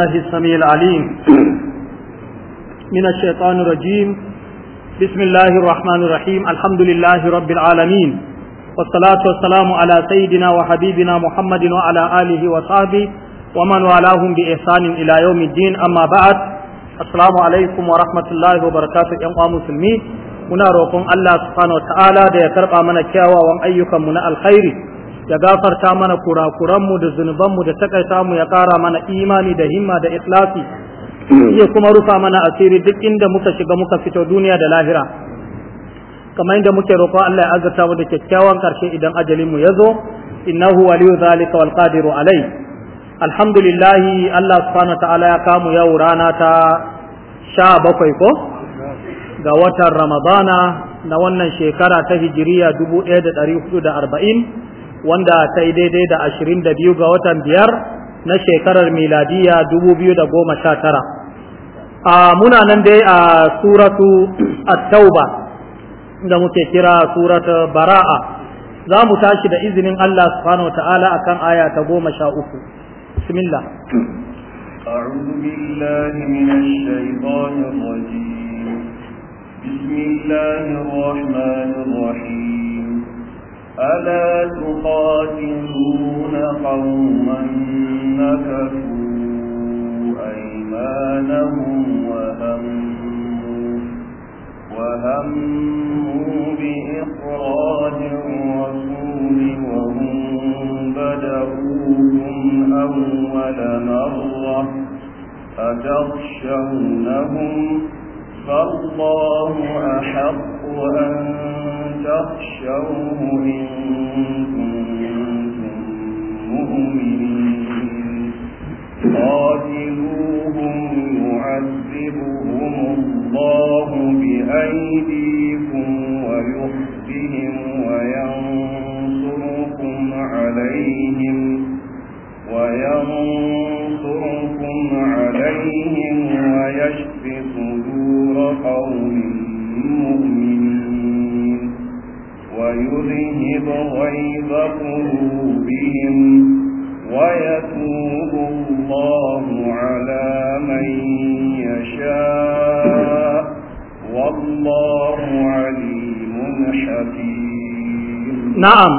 الله السميع العليم من الشيطان الرجيم بسم الله الرحمن الرحيم الحمد لله رب العالمين والصلاة والسلام على سيدنا وحبيبنا محمد وعلى آله وصحبه ومن والاهم بإحسان إلى يوم الدين أما بعد السلام عليكم ورحمة الله وبركاته يا مسلمين muna roƙon Allah subhanahu wataala da ya karɓa mana kyawawan ayyukan mu na alkhairi ya gafarta mana kurakuranmu da zunubanmu da takaita mu ya kara mana imani da himma da ikhlasi ya kuma rufa mana asiri duk inda muka shiga muka fito duniya da lahira kamar inda muke roƙo Allah ya azurta mu da kyakkyawan karshe idan ajalin mu ya zo innahu waliyu zalika wal qadiru alai alhamdulillah Allah subhanahu ta'ala ya kamu yau rana ta sha bakwai ko ga watan ramadana na wannan shekara ta hijiriya dubu ɗaya da hudu arba'in wanda ta yi daidai da ashirin da biyu ga watan biyar na shekarar miladiya dubu biyu da goma sha tara muna nan dai a suratu at-tauba da muke kira surat bara'a za mu tashi da izinin Allah subhanahu ta'ala akan aya ta goma sha uku bismillah أعوذ بالله من الشيطان الرجيم بسم الله الرحمن الرحيم ألا تقاتلون قوما نكثوا أيمانهم وهموا, وهموا بإخراج الرسول وهم بدأوهم أول مرة أتخشونهم فالله أحق أن تخشوه إن كنتم مؤمنين قاتلوهم يعذبهم الله بأيديكم ويخزهم وينصركم عليهم وينصركم عليهم ويشفى قوم مؤمنين ويذهب غيظ قلوبهم ويتوب الله على من يشاء والله عليم حكيم نعم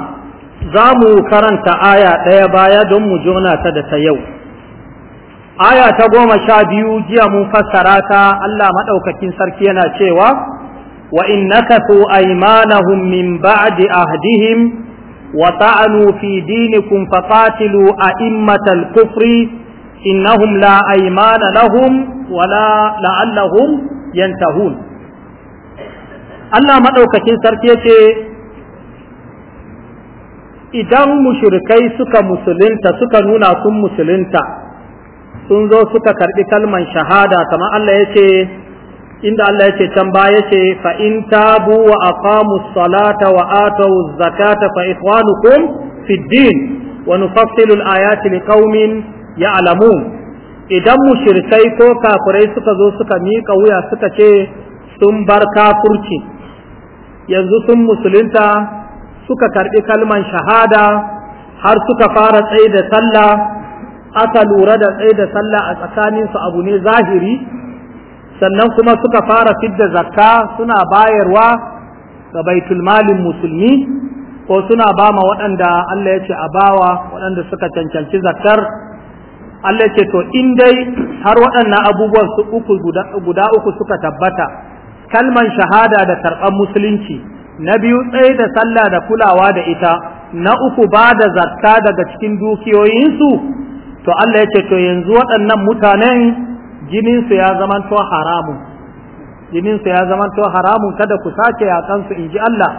za كرنت آية aya ɗaya baya don mu aya ta goma sha biyu jiya mun fassara ta Allah maɗaukakin sarki yana cewa wa in nakathu aymanahum min ba'di ahdihim wa ta'anu fi dinikum faqatilu a'immatal kufri innahum la aymana lahum wa la la'allahum yantahun Allah maɗaukakin sarki yace idan mushrikai suka musulunta suka nuna sun musulunta sun zo suka karbi kalman shahada kamar Allah ya inda Allah ya ce can baya ce fa in tabu wa aqamu salata wa atu zakata fa ikhwanukum fi din wa nufassilu al-ayati liqaumin ya'lamun idan mushrikai ko kafirai suka zo suka mika wuya suka ce sun bar kafurci yanzu sun musulunta suka karbi kalman shahada har suka fara tsaye da sallah aka lura da tsaye da sallah a tsakaninsu abu ne zahiri sannan kuma suka fara fidda zakka suna bayarwa ga baitul malin musulmi ko suna ba ma waɗanda Allah ya ce a bawa waɗanda suka cancanci zakkar Allah ce to in dai har waɗannan abubuwan su uku guda uku suka tabbata kalman shahada da karɓar musulunci na biyu tsaye da sallah da kulawa da ita na uku ba da zakka daga cikin dukiyoyinsu to Allah ya ce to yanzu waɗannan mutanen jininsu ya zamanto haramun jininsu ya zamanto haramun kada ku sake yaƙansu in ji Allah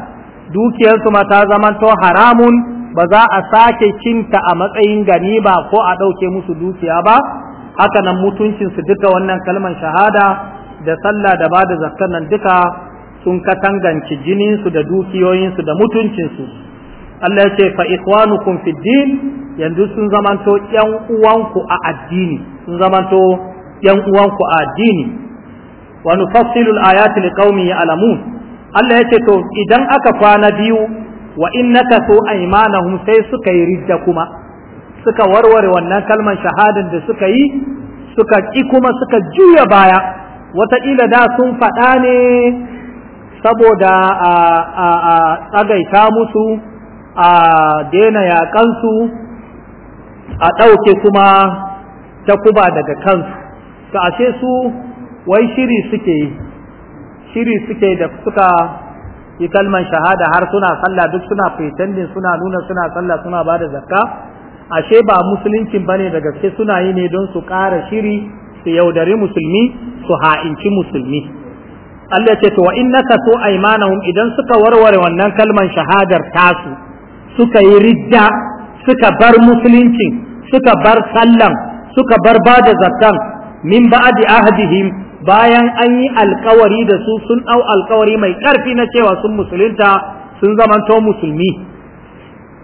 dukiyarsu ma ta zamanto haramun ba za a sake cinta a matsayin gani ba ko a ɗauke musu dukiya ba haka nan mutuncinsu duka wannan kalmar shahada da sallah da ba da zakkar nan duka sun katangance jininsu da dukiyoyinsu da mutuncinsu Allah ya ce fa ikhwanukum fid din yanzu sun zamanto ƴan uwanku a addini sun zamanto ƴan uwanku a addini wa nufassilu al-ayati liqaumin ya'lamun Allah yace to idan aka kwana biyu wa innaka su aymanahum sai suka yi rijja kuma suka warware wannan kalman shahadan da suka yi suka ki kuma suka juya baya wataƙila da sun faɗa ne saboda a tsagaita musu a daina yaƙansu a ɗauke kuma ta kuba daga kansu ta ashe su wai shiri suke shiri suke da suka yi kalman shahada har suna sallah duk suna pretending suna nuna suna sallah suna ba da zakka ashe ba musulunci ba ne da gaske suna yi ne don su ƙara shiri su yaudari musulmi su ha'inci musulmi Allah ce to wa inna ka so idan suka warware wannan kalman shahadar tasu suka yi ridda suka bar musulunci suka bar sallan suka bar ba da zakkan min ba'di ahdihim bayan an yi alkawari da su sun au alkawari mai karfi na cewa sun musulunta sun zamanto musulmi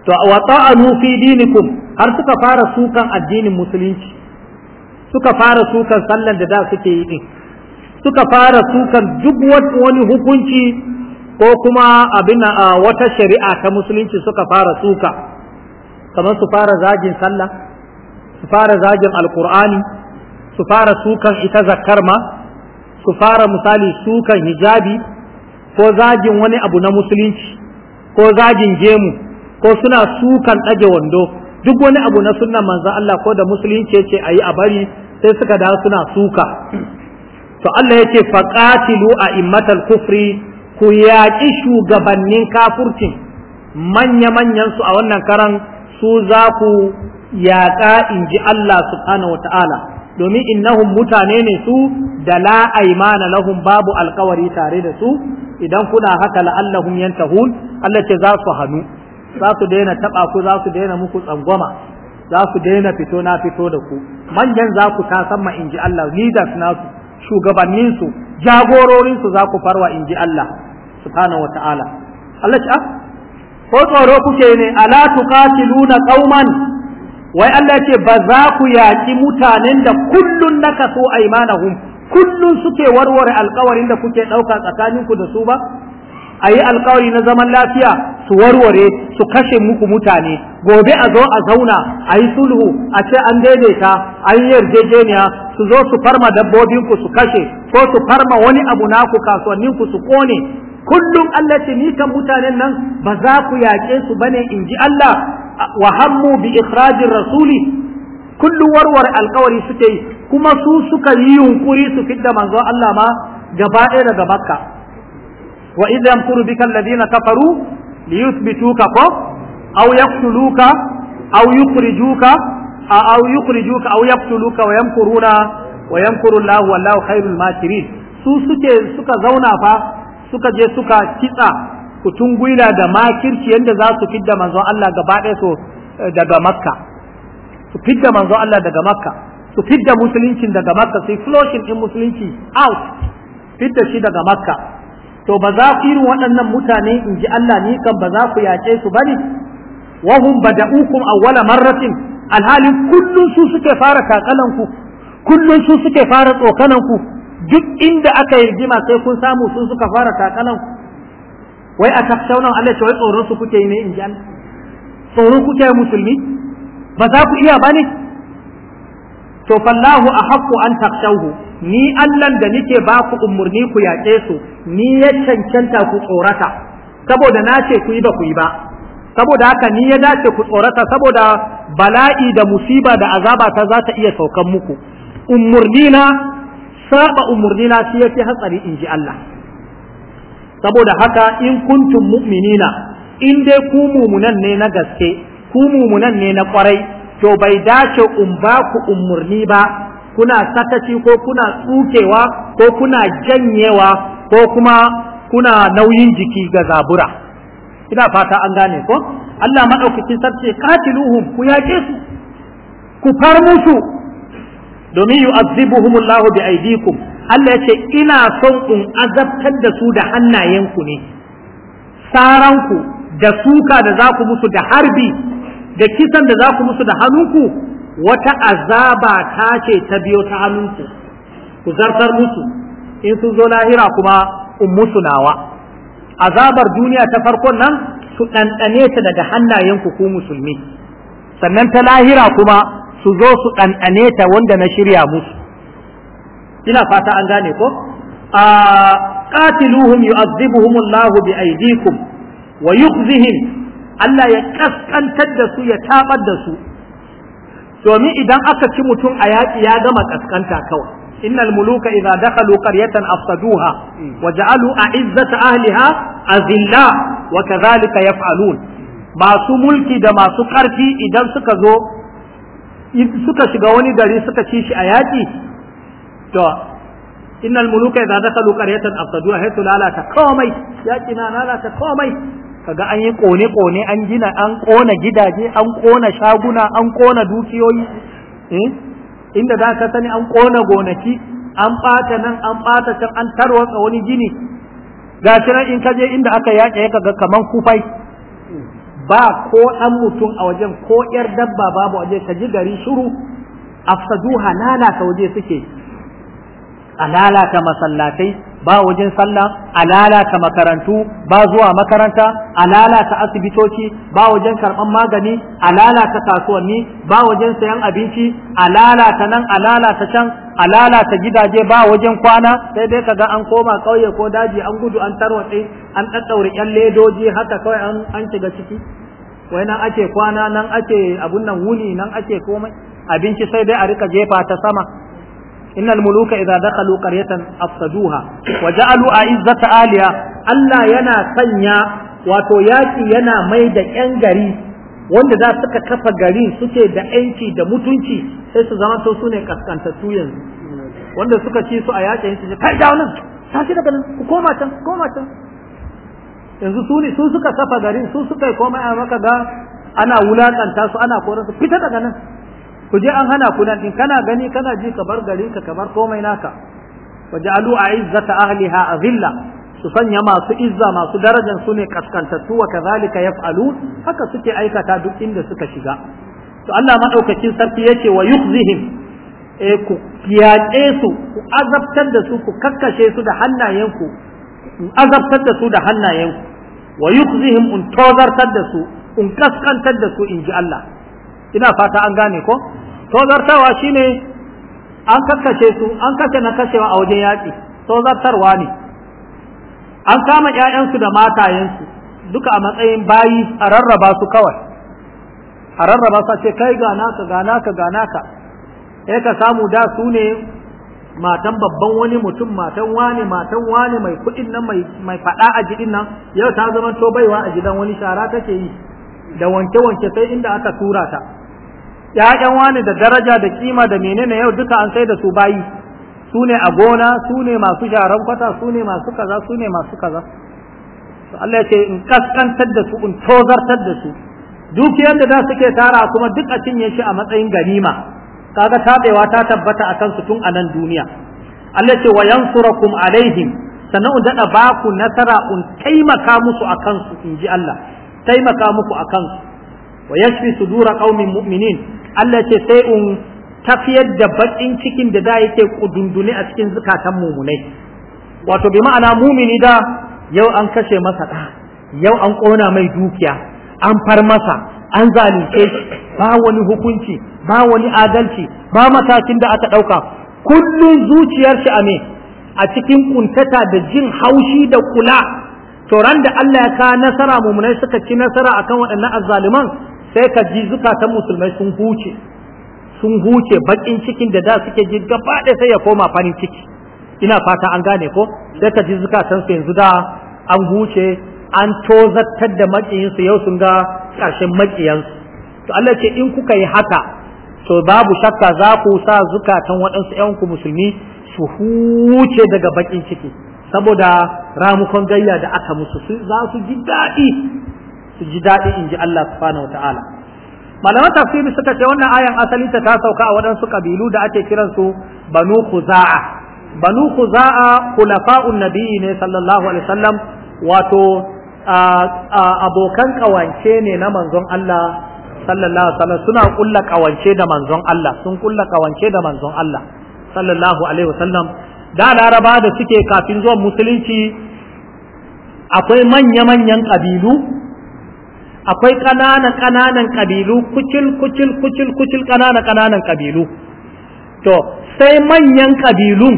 to wa ta'anu fi dinikum har suka fara sukan addinin musulunci suka fara sukan sallan da da suke yi din suka fara sukan duk wani hukunci ko kuma abin wata shari'a ta musulunci suka fara suka kamar su fara zagin sallah su fara zagin alkur'ani su fara sukan ita zakar ma su fara misali sukan hijabi ko zagin wani abu na musulunci ko zagin gemu ko suna sukan ɗage wando duk wani abu na sunna manzo Allah ko da musulunci yace yi a bari sai suka da suna suka to Allah yace faqatilu a immatal kufri ku yaƙi shugabannin kafurcin manya manyansu a wannan karan su za ku yaƙa in ji Allah subhanahu wa ta'ala domin innahum mutane ne su da la aimana lahum babu alkawari tare da su idan kuna haka la'allahum yantahun Allah ce za su hannu za su daina taɓa ku za su daina muku tsangwama za su daina fito na fito da ku manyan za ku kasamma in ji Allah leaders nasu shugabanninsu jagororinsu za ku farwa in ji Allah subhanahu wa ta'ala Allah ce ah, ko tsoro kuke ne ala tuqatiluna qauman wai Allah ce ba za ku yaki mutanen da kullun nakasu aymanahum kullun suke warware alƙawarin da kuke ɗauka ku da su ba ayi yi alkawari na zaman lafiya su warware su kashe muku mutane gobe a zo a zauna ayi sulhu a ce an daidaita an yi yarjejeniya su zo su farma dabbobin ku su kashe ko su farma wani abu naku ku su kone kullum Allah ce ni kan mutanen nan ba za ku yaƙe su bane in ji Allah wa hammu bi ikhrajir rasuli kullum warware alkawari suke yi kuma su suka yi yunkuri su fidda manzo Allah ma gaba ɗaya daga Makka wa idh yamkuru bika alladhina kafaru liyuthbituka ko aw yaqtuluka aw yukhrijuka aw yukhrijuka aw yaqtuluka wa yamkuruna wa yamkuru Allah wallahu khairul makirin su suke suka zauna fa suka je suka kitsa kutun gwila da makirci yadda za su fidda manzon Allah gaba ɗaya so eh, daga makka su fidda manzon Allah daga makka su fidda musuluncin daga makka su flushing din musulunci out fidda shi daga makka to ba za ku irin waɗannan mutane in ji Allah ni kan ba za ku yaƙe su ba bane wa hum bada'ukum awwala marratin alhalin kullun su suke fara takalanku kullun su suke fara tsokananku duk inda aka yi rigima sai kun samu sun suka fara takalan wai a takshauna Allah ce wai tsoron su kuke ne in ji Allah tsoro kuke musulmi ba za ku iya bane to fallahu ahqqu an takshauhu ni Allah da nike ba ku umurni ku yaƙe su ni ya cancanta ku tsorata saboda na ce ku yi ba ku yi ba saboda haka ni ya dace ku tsorata saboda bala'i da musiba da azaba ta za ta iya saukan muku umurni na saba umurnina shi yafi hatsari in ji Allah saboda haka in kuntum mu'minina in dai ku mumunan ne na gaske ku mumunan ne na kwarai to bai dace in ba ku umurni ba kuna sakaci ko kuna tsukewa ko kuna janyewa ko kuma kuna nauyin jiki ga zabura ina fata an gane ko Allah madaukakin sarki katiluhum ku yake su ku far musu domin yu'azzibuhumullahu bi aydikum Allah yace ina son in azabtar da su da hannayenku ne saranku da suka da za ku musu da harbi da kisan da za ku musu da hannunku wata azaba ta ce ta biyo ta hannunku ku zartar musu in sun zo lahira kuma in musu nawa azabar duniya ta farkon nan su ɗanɗane ta daga hannayenku ku musulmi sannan ta lahira kuma su zo su ɗanɗane ta wanda na shirya musu ina fata an gane ko a qatiluhum yu'adhibuhum Allahu bi aydikum wa yukhzihim Allah ya kaskantar da su ya tabar da su domin idan aka ci mutum a yaƙi ya gama kaskanta kawai innal muluka idza dakhalu qaryatan afsaduha wa ja'alu a'izzata ahliha azilla wa kadhalika yaf'alun masu mulki da masu ƙarfi idan suka zo suka shiga wani gari suka ci shi a yaƙi to innal muluka idza dakalu qaryatan afsaduha haythu lalata komai yaƙi na lalata komai kaga an yi kone kone an gina an kona gidaje an kona shaguna an kona dukiyoyi eh inda za ka sani an kona gonaki an ɓata nan an ɓata can an tarwatsa wani gini ga shi in ka je inda aka yaƙe ka ga kaman kufai ba ko ɗan mutum a wajen ko ƴar dabba babu waje ka ji gari shuru afsaduha lalata waje suke a lalata masallatai ba wajen sallah a lalata makarantu ba zuwa makaranta a lalata asibitoci ba wajen karɓan magani a lalata kasuwanni ba wajen sayan abinci a lalata nan a lalata can a lalata gidaje ba wajen kwana sai dai kaga an koma ƙauye ko daji an gudu an tarwatse an ɗaɗɗaure ƴan ledoji haka kawai an an shiga ciki wai nan ake kwana nan ake abun nan wuni nan ake komai abinci sai dai a rika jefa ta sama innal muluka idza dakhalu qaryatan afsaduha wa ja'alu a'izzata aliya Allah yana sanya wato yaki yana mai da yan gari wanda za suka kafa garin suke da yanci da mutunci sai su zama su ne kaskantattu yanzu wanda suka ci su a yakin su kai da ta tashi daga nan ku koma can koma can yanzu su ne su suka kafa garin su suka yi komai a maka ga ana wulakanta su ana koransu fita daga nan ku je an hana ku nan din kana gani kana ji kamar gari ka kamar komai naka waja'alu a'izzata ahliha azilla su sanya masu izza masu darajan su ne kaskantattu wa kazalika yaf'alu haka suke aikata duk inda suka shiga to Allah madaukakin sarki yace wa yukhzihim e ku yaƙe su ku azabtar da su ku kakkashe su da hannayen ku azabtar da su da ku, wa yukhzihim un tozartar da su un kaskantar da su inji Allah ina fata an gane ko tozartawa shine an kakkace su an kace na kashewa a wajen yaƙi tozartarwa ne an kama ƴaƴansu da matayensu duka a matsayin bayi a rarraba su kawai a rarraba su ce kai ga naka ga naka ga naka eh ka samu da su ne matan babban wani mutum matan wani matan wani mai kuɗin nan mai mai faɗa a jidin nan yau ta zama to baiwa a gidan wani shara take yi da wanke wanke sai inda aka tura ta yayan wani da daraja da kima da menene yau duka an sai da su bayi su ne a gona su ne masu sharan kwata su ne masu kaza su ne masu kaza Allah ya ce in kaskantar da su in tozartar da su dukiyar da suke tara kuma duk a cinye shi a matsayin ganima kaga tabewa ta tabbata akan su tun a nan duniya Allah ce wa yansurakum alaihim sannan in ba baku nasara in taimaka musu akan su inji Allah taimaka muku akan su wa yashfi sudura qaumin mu'minin Allah ce sai in tafiyar da bakin cikin da za da yake kudundune a cikin zukatan mumunai wato bi ma'ana mumini da yau an kashe masa ɗa, yau an ƙona mai dukiya an far masa an zalunce shi ba wani hukunci ba wani adalci ba matakin da aka ɗauka. Kullum zuciyar shi a me a cikin ƙuntata da jin haushi da kula to ran da Allah ya ka nasara mumunai suka ci nasara akan waɗannan azzaluman sai ka ji zukatan musulmai sun huce sun huce bakin cikin da da suke ji gaba ɗaya sai ya koma farin ciki ina fata an gane ko sai ka ji zukatan su yanzu da an huce an tozartar da maƙiyinsu yau sun ga ƙarshen maƙiyansu to Allah ce in kuka yi haka to babu shakka za ku sa zukatan waɗansu ƴanku musulmi su huce daga bakin ciki saboda ramukon gayya da aka musu za su ji daɗi su ji daɗi in ji Allah subhanahu wataala malaman tafsiri suka ce wannan ayan asali ta ta sauka a waɗansu ƙabilu da ake kiransu banu za'a banu khuza'a khulafa'un nabiyyi ne sallallahu alaihi wasallam wato abokan kawance ne na manzon Allah sallallahu alaihi wasallam suna kulla kawance da manzon Allah sun kulla kawance da manzon Allah sallallahu alaihi wasallam da laraba da suke kafin zuwan musulunci akwai manya-manyan ƙabilu akwai ƙananan ƙananan ƙabilu kucil kucil kucil kucil ƙananan ƙananan ƙabilu to sai manyan ƙabilun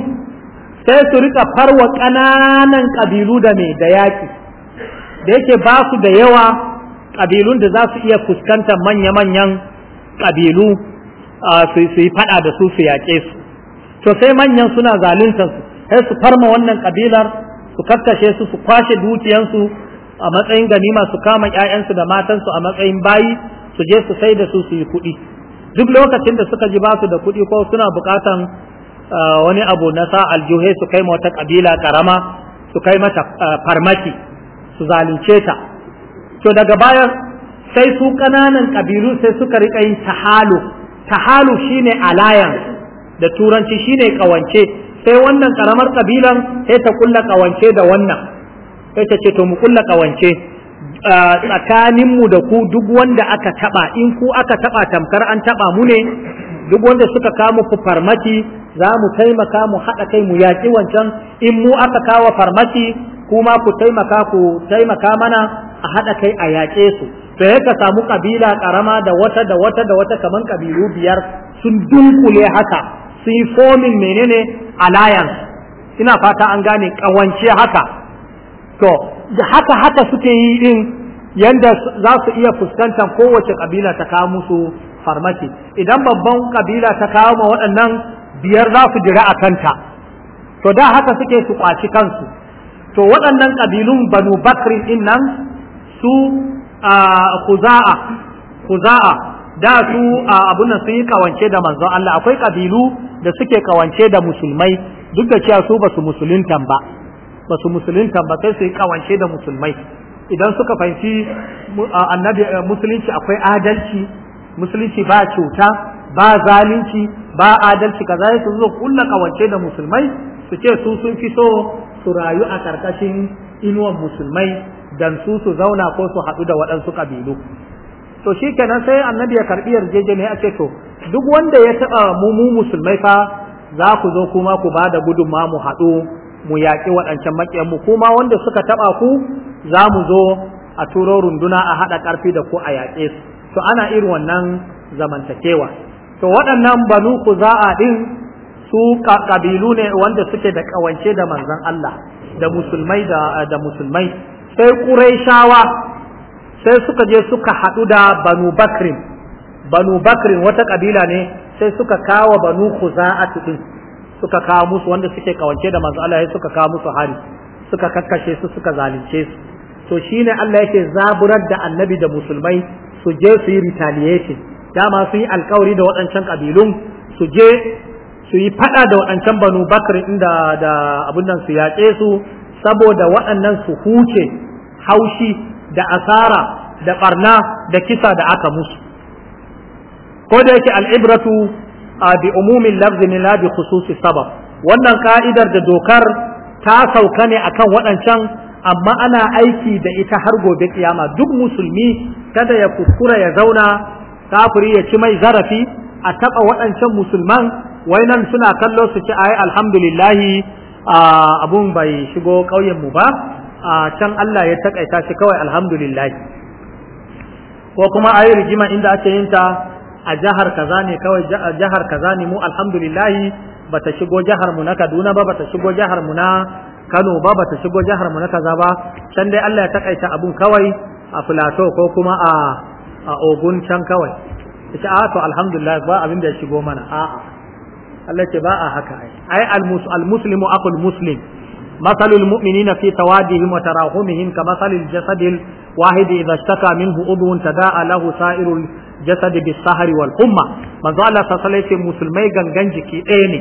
sai su rika farwa ƙananan ƙabilu da mai da yaƙi da yake ba su da yawa ƙabilun da za su iya fuskantar manya-manyan ƙabilu su yi faɗa da su su yaƙe su to sai manyan suna zaluntar su sai su farma wannan ƙabilar su kakkashe su su kwashe dukiyansu a matsayin ganima su kama ƴaƴansu da matansu a matsayin bayi su je su sai da su su yi kuɗi duk lokacin da suka ji ba su da kuɗi ko suna buƙatan wani abu na sa aljuhe su kai wata ƙabila ƙarama su kai mata farmaki su zalunce ta to daga baya sai su ƙananan ƙabilu sai suka riƙa yin tahalu tahalu shine alayan da turanci shine ƙawance sai wannan ƙaramar ƙabilan sai ta kulla ƙawance da wannan sai ta ce to mu kulla kawance tsakanin tsakaninmu da ku duk wanda aka taba in ku aka taba tamkar an taba mu ne duk wanda suka kama ku farmaki za mu taimaka mu haɗa kai mu yaƙi wancan in mu aka kawo farmaki kuma ku taimaka ku taimaka mana a haɗa kai a yaƙe su to ya ka samu ƙabila karama da wata da wata da wata kamar ƙabilu biyar sun dunkule haka sun yi fomin menene alliance ina fata an gane ƙawance haka to da haka haka suke yi din yanda za su iya fuskantar kowace kabila ta kawo musu farmaki idan babban kabila ta kawo ma waɗannan biyar za su jira a kanta to da haka suke su kwaci kansu to waɗannan kabilun banu Bakri, din nan su kuza'a kuza'a da su abun nan sun yi kawance da manzo. Allah akwai kabilu da suke kawance da musulmai duk da cewa su ba su ba ba su musulunta ba sai su yi kawance da musulmai idan suka fahimci annabi eh, musulunci akwai adalci musulunci ba cuta ba zalunci ba adalci kaza su zo kulla kawance da musulmai su ce su sun fi so su rayu a karkashin inuwan musulmai dan su su zauna ko su haɗu da waɗansu ƙabilu to shi kenan sai annabi ya karɓi yarjejeniya a ce to duk wanda ya taɓa mu mu musulmai fa za ku zo kuma ku ba da gudunma mu haɗu mu yaƙi waɗancan maƙiyan mu kuma wanda suka taɓa ku za mu zo a turo runduna a haɗa ƙarfi da ku a yaƙe su to ana irin wannan zamantakewa to waɗannan banu a ɗin su ƙabilu ne wanda suke da ƙawance da manzon Allah da musulmai da, da musulmai sai ƙuraishawa sai suka je suka haɗu da banu bakrin banu bakrin wata ƙabila ne sai suka kawo banu kuza'atu ɗin suka kawo musu wanda suke kawance da manzo Allah suka kawo musu hari suka kakkashe su suka zalunce su to shine Allah yake zaburar da annabi da musulmai su je su yi retaliation dama su yi alkawari da waɗancan kabilun su je su yi fada da waɗancan banu bakr inda da abun nan su yaƙe su saboda waɗannan su huce haushi da asara da barna da kisa da aka musu ko da yake al'ibratu a bi umumin lafzi ne bi khususi sabab wannan ka'idar da dokar ta sauka ne akan waɗancan amma ana aiki da ita har gobe kiyama duk musulmi kada ya kuskura ya zauna kafiri ya ci mai zarafi a taɓa waɗancan musulman wai nan suna kallo su ci ayi alhamdulillahi abun bai shigo ƙauyen mu ba can Allah ya takaita shi kawai alhamdulillahi ko kuma yi rigima inda ake yin ta a jihar kaza ne kawai jihar kaza ne mu alhamdulillahi bata shigo jihar mu na Kaduna ba bata shigo jihar mu na Kano ba bata shigo jihar mu na kaza ba can dai Allah ya takaita abun kawai a Plateau ko kuma a a Ogun can kawai ita a to alhamdulillah ba abin da ya shigo mana a Allah ce ba a haka ai ai al-muslimu aqul muslim مثل المؤمنين في توادهم وتراحمهم كمثل الجسد الواحد إذا اشتكى منه عضو تداعى له سائر jasadi bis sahari wal Umma. manzo Allah sallallahu alaihi wasallam musulmai gangan jiki ɗaya ne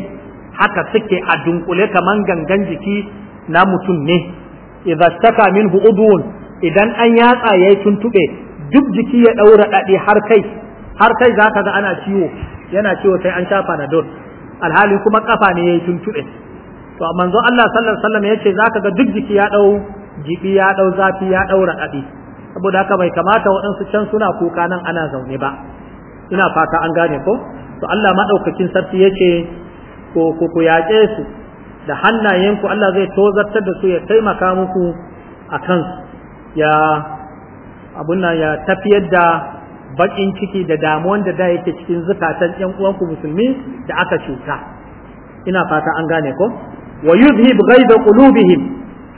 haka suke a dunkule kaman gangan jiki na mutum ne idza min minhu udun idan an yatsa yayi tuntube duk jiki ya daura dadi har kai har kai zaka ga ana ciwo yana ciwo sai an shafa na don alhali kuma kafa ne yayi tuntube to manzo Allah sallallahu alaihi wasallam yace zaka ga duk jiki ya dau jibi ya dau zafi ya daura dadi saboda haka bai kamata waɗansu can suna kuka nan ana zaune ba ina fata an gane ko to Allah madaukakin sarki yace ko ku ku yaƙe su da hannayenku Allah zai tozartar da su ya taimaka muku a kansu ya abun nan ya tafiyar da baƙin ciki da damuwan da da yake cikin zukatan ƴan uwanku musulmi da aka cuta ina fata an gane ko wa yuzhib ghaiba qulubihim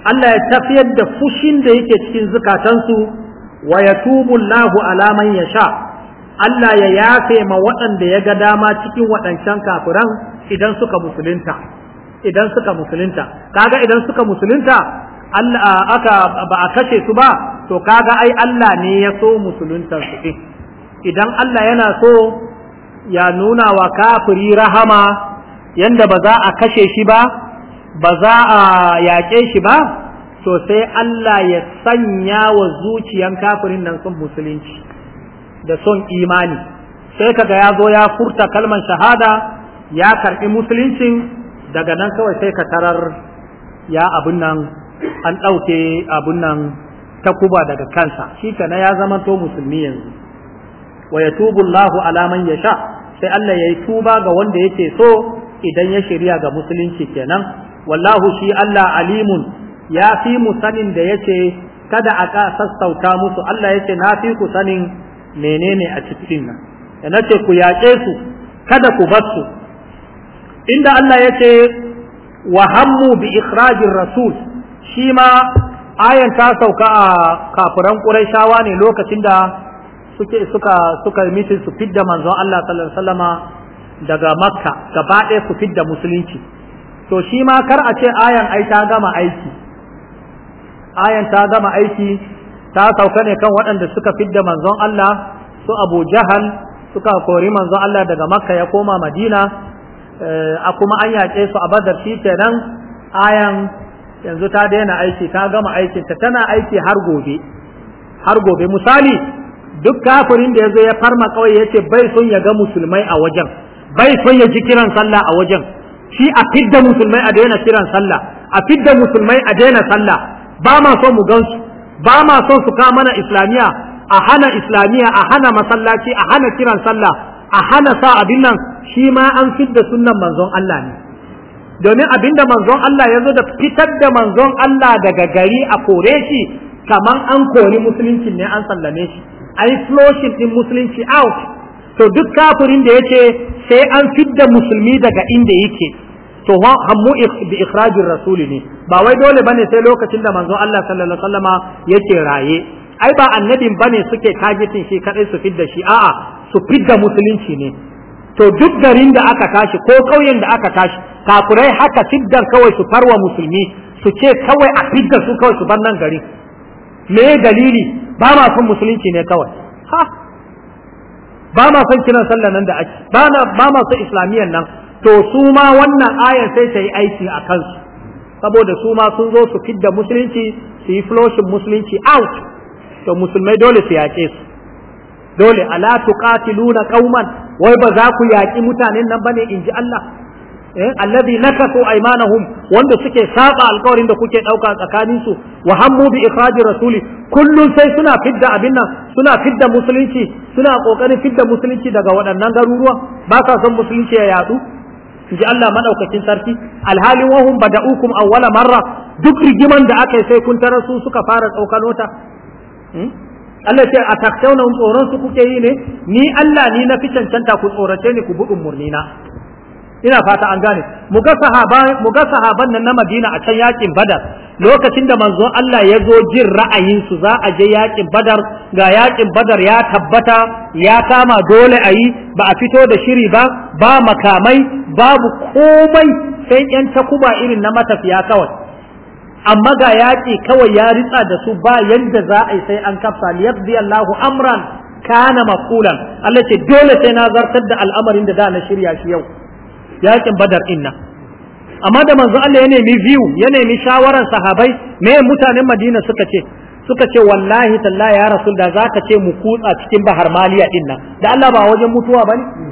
Allah ya tafiyar da fushin da yake cikin zukatansu wa yatubu Allahu ala man yasha Allah ya yafe ma waɗanda ya ga dama cikin waɗancan kafiran idan suka musulunta idan suka musulunta kaga idan suka musulunta Allah aka ba a kashe su ba to kaga ai Allah ne ya so musuluntar su din idan Allah yana so ya nuna wa kafiri rahama yanda ba za a kashe shi ba ba za a yaƙe shi ba to sai Allah ya sanya wa zuciyan kafirin nan sun musulunci da son imani sai kaga ya zo ya furta kalmar shahada ya karbi musuluncin daga nan kawai sai ka tarar ya abun nan an ɗauke abun nan ta kuba daga kansa shi kana ya zama to musulmi yanzu wa yatubu Allahu ala man yasha sai Allah yayi tuba ga wanda yake so idan ya shirya ga musulunci kenan wallahu shi Allah alimun ya fi mu sanin da yace kada a ka sassauta musu Allah yace na fi ku sanin menene a cikin nan da nace ku yaƙe su kada ku bar su inda Allah yace wa hammu bi ikhrajir rasul shi ma ayan ta sauka a kafiran Qurayshawa ne lokacin da suke suka suka mitin su fidda manzon Allah sallallahu alaihi wasallama daga Makka gaba ɗaya su fidda musulunci to shi ma kar a ce ayan ai ta gama aiki ayan ta gama aiki ta sauka ne kan waɗanda suka fidda manzon Allah su Abu Jahal suka kori manzon Allah daga Makka ya koma Madina eh, a kuma an yaƙe su a Badar shi kenan ayan yanzu ta daina aiki ta gama aikin ta tana aiki har gobe har gobe misali duk kafirin da yazo ya farma kawai yace bai son ya ga musulmai a wajen bai son ya ji kiran sallah a wajen shi a fidda musulmai a daina kiran sallah a fidda musulmai a daina sallah ba ma son mu su ba ma son su ka mana islamiya a hana islamiya a hana masallaci a hana kiran sallah a hana sa abin nan shi ma an fidda sunnan manzon Allah ne domin abinda manzon Allah ya zo da fitar da manzon Allah daga gari a kore shi kaman an kori musulunci ne an sallame shi an yi floshin din musulunci out to duk kafirin da yake sai an fidda musulmi daga inda yake to hammu bi ikhrajir rasuli ne ba wai dole bane sai lokacin da manzo Allah sallallahu alaihi wasallama yake raye ai ba annabin bane suke tagitin shi kadai su fidda shi a'a su fidda musulunci ne to duk garin da aka tashi ko kauyen da aka tashi kafurai haka fiddan kawai su farwa musulmi su ce kawai a fidda su kawai su bar nan gari me dalili ba ma son musulunci ne kawai ha ba ma son kiran sallan nan da ake ba ma son islamiyan nan to su ma wannan ayar sai ta yi aiki a kansu saboda su ma sun zo su fidda musulunci su yi floshin musulunci out to musulmai dole su yaƙe su dole ala tuqatiluna ƙauman wai ba za ku yaƙi mutanen nan ba in inji Allah eh allazi nakasu aymanahum wanda suke saba alƙawarin da kuke ɗauka tsakanin su wa hammu bi ikhraji rasuli kullun sai suna fidda abin nan suna fidda musulunci suna ƙoƙarin fidda musulunci daga waɗannan garuruwa ba sa son musulunci ya yaɗu. in ji Allah madaukakin sarki alhalin wahum bada'ukum awwala marra duk rigiman da aka yi sai kun tarar su suka fara tsokano ta hmm? Allah ce a taktauna tsoron su kuke yi ne ni Allah ni na fi cancanta ku tsorace ni ku bi murnina. ina fata an gane mu ga sahaban nan na Madina a can yakin Badar lokacin da manzon Allah ya zo jin ra'ayin su za a je yakin Badar ga yakin Badar ya tabbata ya kama dole a yi ba a fito da shiri ba ba makamai babu komai sai yan takuba irin na matafiya kawai amma ga yaƙi kawai ya ritsa da su ba yadda za a yi sai an kafsa liyabdi Allahu amran kana maqulan Allah ce dole sai na zartar da al'amarin da da na shirya shi yau yaƙin badar inna amma da manzo Allah ya nemi view ya nemi shawaran sahabai me mutanen Madina suka ce suka ce wallahi tallahi ya rasul da zaka ce mu kutsa cikin bahar maliya din nan da Allah ba wajen mutuwa ne.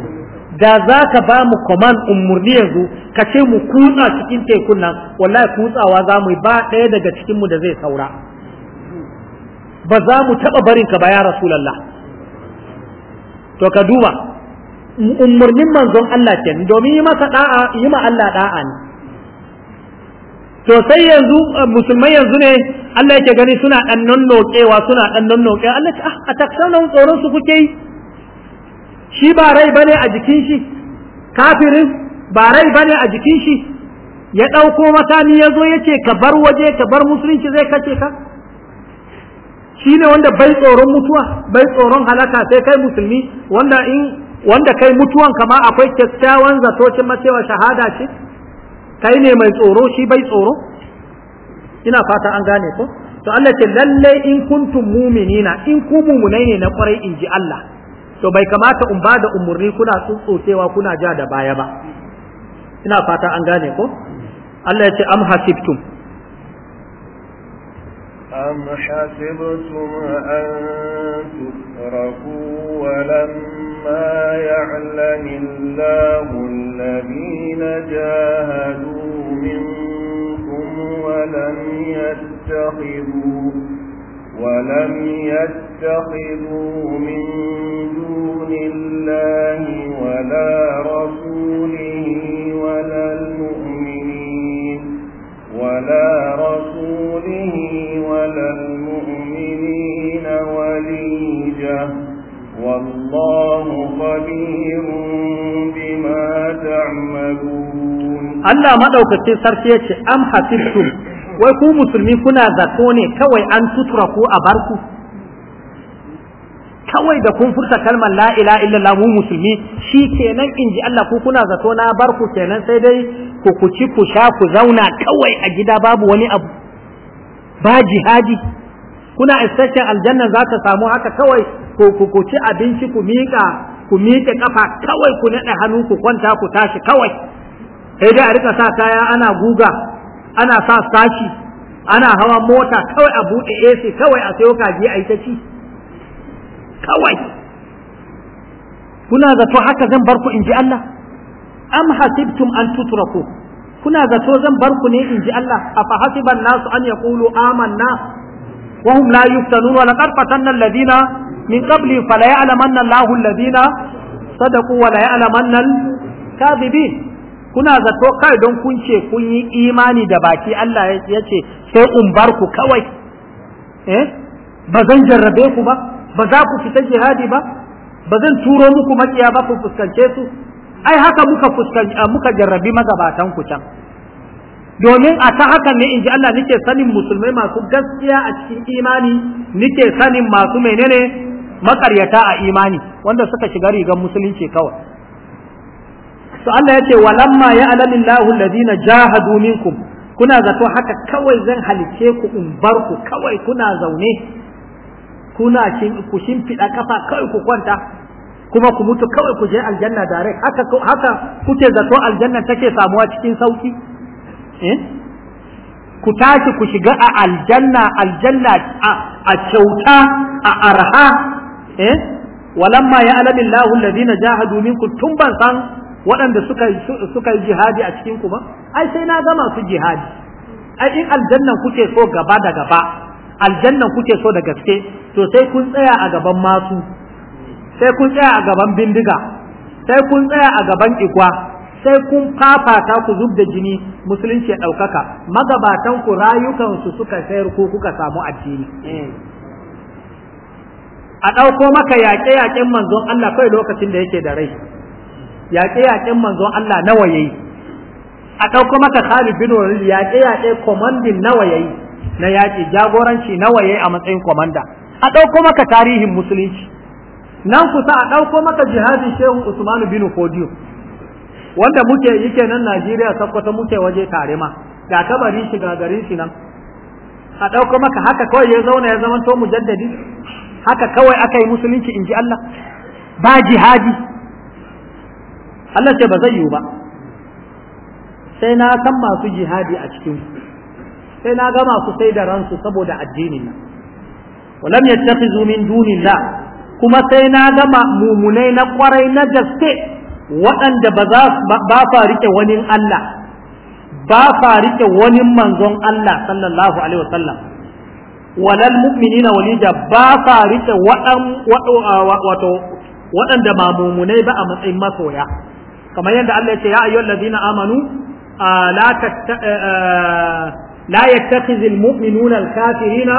da za ka ba mu command umarni yanzu ka ce mu kutsa cikin tekun nan wallahi kutsawa za mu ba ɗaya daga cikin mu da zai saura ba za mu taɓa barin ka ba ya rasulallah to ka duba umarnin manzon Allah ke domin yi masa da'a yi ma Allah da'a ne to sai yanzu eh, musulmai yanzu ne Allah yake gani suna ɗan nonnokewa suna ɗan nonnokewa Allah ce ah, a taksanan tsoron su kuke yi shi ba rai bane a jikin shi kafirin ba rai bane a jikin shi ya ɗauko makami ya zo ya ce ka bar waje ka bar musulunci zai kace ka shi ne wanda bai tsoron mutuwa bai tsoron halaka sai kai musulmi wanda in wanda kai mutuwan kama akwai kyakkyawan zatocin macewa shahada ce kai ne mai tsoro shi bai tsoro ina fata an gane ko to Allah ce lalle in kuntum mu'minina in ku mu'minai ne na kwarai in ji Allah to bai kamata in bada umurni kuna tsuntsocewa kuna ja da baya ba ina fata an gane ko Allah ya ce am hasibtum am hasibtum an tusraku wa lamun ya'lam Allahu alladhina jahadu minkum wa lam yattakhidhu ولم يتخذوا من دون الله ولا رسوله ولا المؤمنين ولا رسوله ولا المؤمنين وليجة والله خبير بما تعملون Allah maɗaukacin sarki ya ce, Am hasibtum wai ku musulmi kuna zato ne kawai an tutura ku a barku kawai da kun furta kalmar la ila illallah mu musulmi shi kenan in ji Allah ku kuna zato na barku kenan sai dai ku kuci ku sha ku zauna kawai a gida babu wani abu ba jihadi kuna istaccen aljanna za ta samu haka kawai ku ku ci abinci ku miƙa ku miƙe kafa kawai ku naɗa hannu ku kwanta ku tashi kawai sai dai a rika sa kaya ana guga ana sa sashi ana hawa mota kawai a buɗe AC kawai a sayo kaji a yi ta ci kawai kuna zato haka zan bar ku in ji Allah am hasibtum an tutraku kuna zato zan bar ku ne in ji Allah afa hasiban nasu an yaqulu amanna wa hum la yuftanun wa laqad fatanna alladhina min qabli fala ya'lamanna Allahu alladhina sadaqu wa la ya'lamanna al-kadhibin kuna zato kai don kun ce kun yi imani da baki Allah ya ce sai in bar ku kawai eh ba zan jarrabe ku ba ba za ku fita jihadi ba ba zan turo muku makiya ba ku fuskance su ai haka muka fuskanci muka jarrabi magabatan ku can domin a ta hakan ne inji Allah nike sanin musulmai masu gaskiya a cikin imani nike sanin masu menene makaryata a imani wanda suka shiga rigar musulunci kawai to Allah ya ce walamma ya'lamillahu alladhina jahadu minkum kuna zato haka kawai zan halice ku in bar ku kawai kuna zaune kuna ku shimfiɗa kafa kawai ku kwanta kuma ku mutu kawai ku je aljanna dare haka haka kuke zato aljanna take samuwa cikin sauki eh ku tashi ku shiga a aljanna aljanna a kyauta a arha eh walamma ya alamin lahu alladhina jahadu minkum tun ban san waɗanda suka suka yi jihadi a cikin ku ba ai sai na gama su jihadi ai in aljannan kuke so gaba da gaba aljannan kuke so da gaske to sai kun tsaya a gaban masu sai kun tsaya a gaban bindiga sai kun tsaya a gaban igwa sai kun fafata ku zub da jini musulunci ya ɗaukaka magabatan ku rayukansu suka sayar ko kuka samu addini a ɗauko maka yaƙe-yaƙen manzon Allah kai lokacin da yake da rai yaƙe-yaƙen manzon Allah nawa yayi a ɗauko maka Khalid bin Walid yaƙe-yaƙe commanding nawa yayi na yaƙi jagoranci nawa yayi a matsayin komanda a ɗauko maka tarihin musulunci nan kusa a ɗauko maka jihadin Shehu Usman bin Fodiyo wanda muke yake nan Najeriya sakkwato muke waje tare ma da kabarin shi ga garin shi nan a ɗauko maka haka kawai ya zauna ya zama to mujaddadi haka kawai aka yi musulunci in ji Allah ba jihadi Allah ce ba zai yiwu ba sai na san masu jihadi a cikin sai na ga masu sai da ransu saboda addinin nan walam yattakhizu min dunillah kuma sai na gama mumunai na kwarai na gaske waɗanda ba za ba fa rike wani Allah ba fa rike wani manzon Allah sallallahu alaihi wasallam walal mu'minina walida ba fa rike waɗan wato waɗanda ba mumunai ba a matsayin masoya kamar yadda Allah ya ce ya ayyuhal ladina amanu la la yattakhizul mu'minuna al-kafirina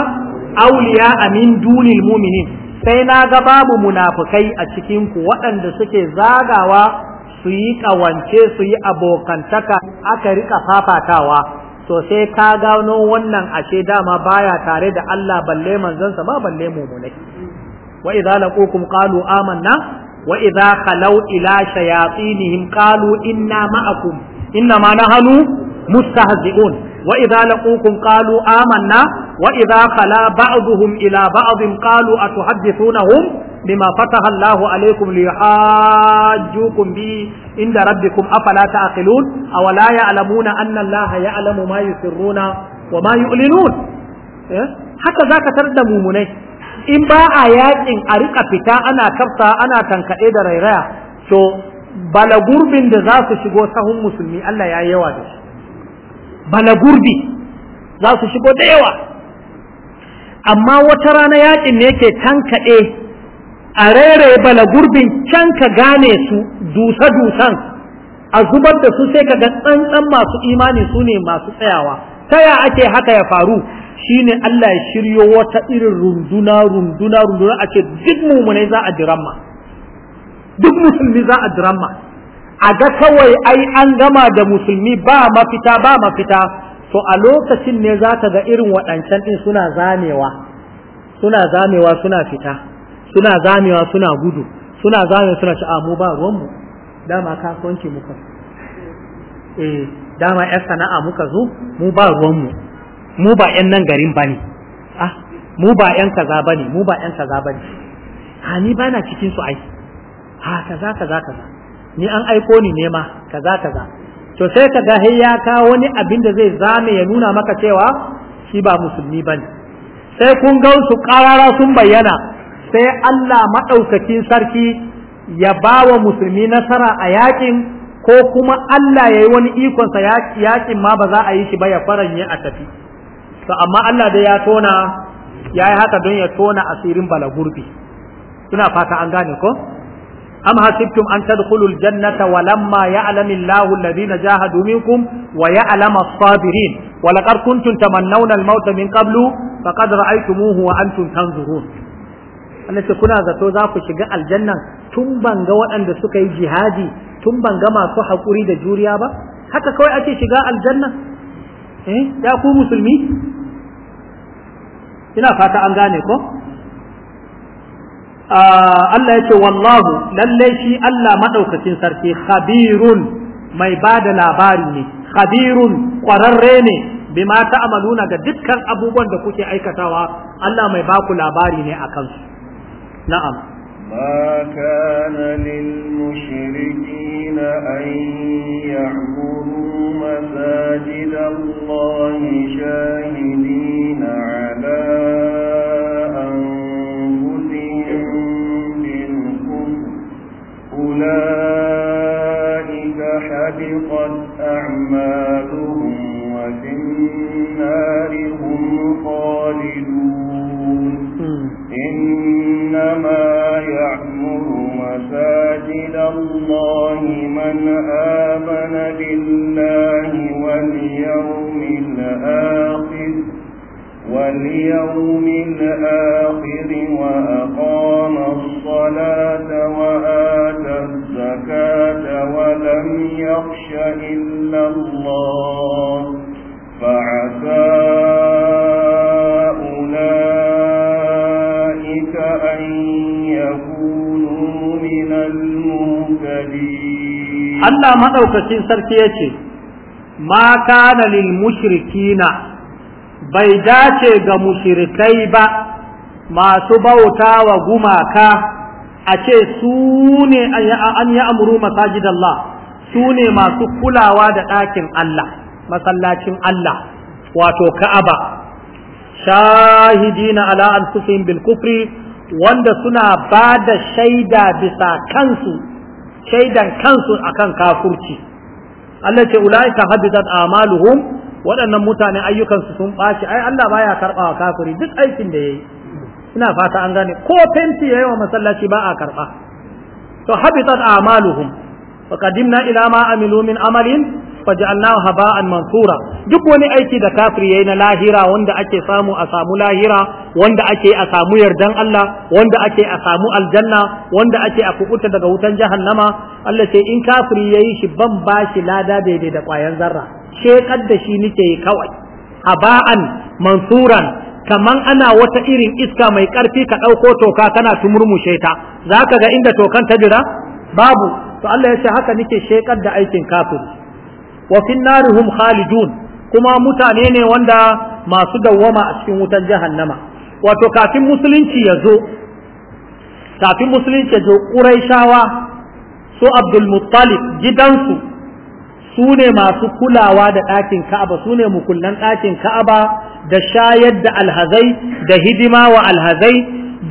awliya'a min dunil mu'minin sai na ga babu munafukai a cikin ku waɗanda suke zagawa su yi ƙawance su yi abokantaka aka rika fafatawa to sai ka gano wannan ashe dama baya tare da Allah balle manzansa ba balle mu ne wa idza laqukum qalu amanna wa idza khalaw ila shayatinihim qalu inna ma'akum inna ma nahnu mustahzi'un Wa'iza idza laqukum qalu amanna wa idza khala ba'dhum ila ba'dhin qalu atuhaddithunahum bima fataha Allah alaykum liyahajjukum bi inda rabbikum afala ta'qilun aw la ya'lamuna anna Allah ya'lamu ma yusirruna wa ma yu'linun eh? haka zaka tarda mumunai in ba a yakin a rika fita ana kafsa ana tankaɗe da rairaya to balagurbin da za su shigo sahun musulmi Allah ya yawa da shi balagurbi za su shigo da yawa amma wata rana yakin ne ke tankaɗe a rairaye balagurbin can ka gane su dusa-dusan a zubar da su sai ka ga tsantsan masu imani su ne masu tsayawa ta ya ake haka ya faru shine Allah ya shiryo wata irin runduna runduna runduna a ce duk mummunai za a diramma duk musulmi za a diramma a ga kawai ai an gama da musulmi ba mafita ba mafita to a lokacin ne za ka ga irin waɗancan ɗin suna zamewa suna zamewa suna fita suna zamewa suna gudu suna zamewa suna ci mu ba ruwanmu dama kasuwanci muka eh dama 'yar sana'a muka zo mu ba ruwanmu mu ba yan nan garin bane ah mu ba yan kaza ne mu ba yan kaza ne ha ni bana cikin su ai ha kaza kaza kaza ni an aiko ni nema kaza kaza to sai ka ga ya kawo wani abin da zai zame ya nuna maka cewa shi ba musulmi ne sai kun ga su karara sun bayyana sai Allah madaukakin sarki ya ba wa musulmi nasara a yakin ko kuma Allah ya yi wani ikonsa yakin ma ba za a yi shi ba ya faranye a tafi to amma Allah dai ya tona ya yi haka don ya tona asirin balagurbi Suna fata an gane ko am hasibtum an tadkhulul jannata wa lamma ya'lamu Allahu alladhina jahadu minkum wa ya'lamu as-sabirin wa laqad kuntum tamannawna al-mauta min qablu faqad ra'aytumuhu wa antum tanzurun Allah ce kuna zato za ku shiga aljannan tun ban ga waɗanda suka yi jihadi tun ban ga masu haƙuri da juriya ba haka kawai ake shiga aljanna eh ya ku musulmi ina fata an gane ko ah, Allah ya ce wallahu lallai shi Allah maɗaukacin sarki khabirun mai bada labari ne khabirun ƙwararre ne bima amaluna ga dukkan abubuwan da kuke aikatawa Allah mai ba ku labari ne a kansu na'am ما كان للمشركين أن يعبروا مساجد الله شاهدين على أولئك أعمالهم وفي النار هم خالدون إنما يعمر مساجد الله من آمن بالله واليوم الآخر واليوم الآخر وأقام الصلاة وآتى الزكاة ولم يخش إلا الله فعسى أولئك allah maɗaukacin sarki yace سركي يشي ما كان bai dace ga mushrikai ba masu bauta wa gumaka a ce su ne an yi amuru masajid Allah su ne masu kulawa da ɗakin Allah masallacin Allah wato ka'aba shahidina ala anfusihim bil kufri wanda suna ba da shaida bisa kansu shaidan kansu akan kafurci Allah ce ulaika habitat amaluhum waɗannan mutane ayyukansu sun ɓaci ai Allah baya wa kafiri duk aikin da yayi ina fata an gane ko fenti yi wa masallaci ba a karɓa to habitat amaluhum wa qadimna ila ma amilu min amalin faj'alnahu haba'an mansura duk wani aiki da kafiri yayi na lahira wanda ake samu a samu lahira wanda ake a samu yardan Allah wanda ake a samu aljanna wanda ake a kukuta daga wutan jahannama Allah ce in kafiri yayi shi ban bashi lada daidai da kwayan zarra shekar da shi nike kawai aba'an mansuran kaman ana wata irin iska mai karfi ka ɗauko toka kana tumurmushe ta zaka ga inda tokan ta jira babu to Allah ya ce haka nike shekar da aikin kafiri wa fin narihum khalidun kuma mutane ne wanda masu dawwama a cikin wutan jahannama wato kafin musulunci ya zo kafin musulunci ya zo ƙuraishawa su abdul muttalib gidansu su ne masu kulawa da ɗakin ka'aba su ne mukullan ɗakin ka'aba da shayar da alhazai da hidima wa alhazai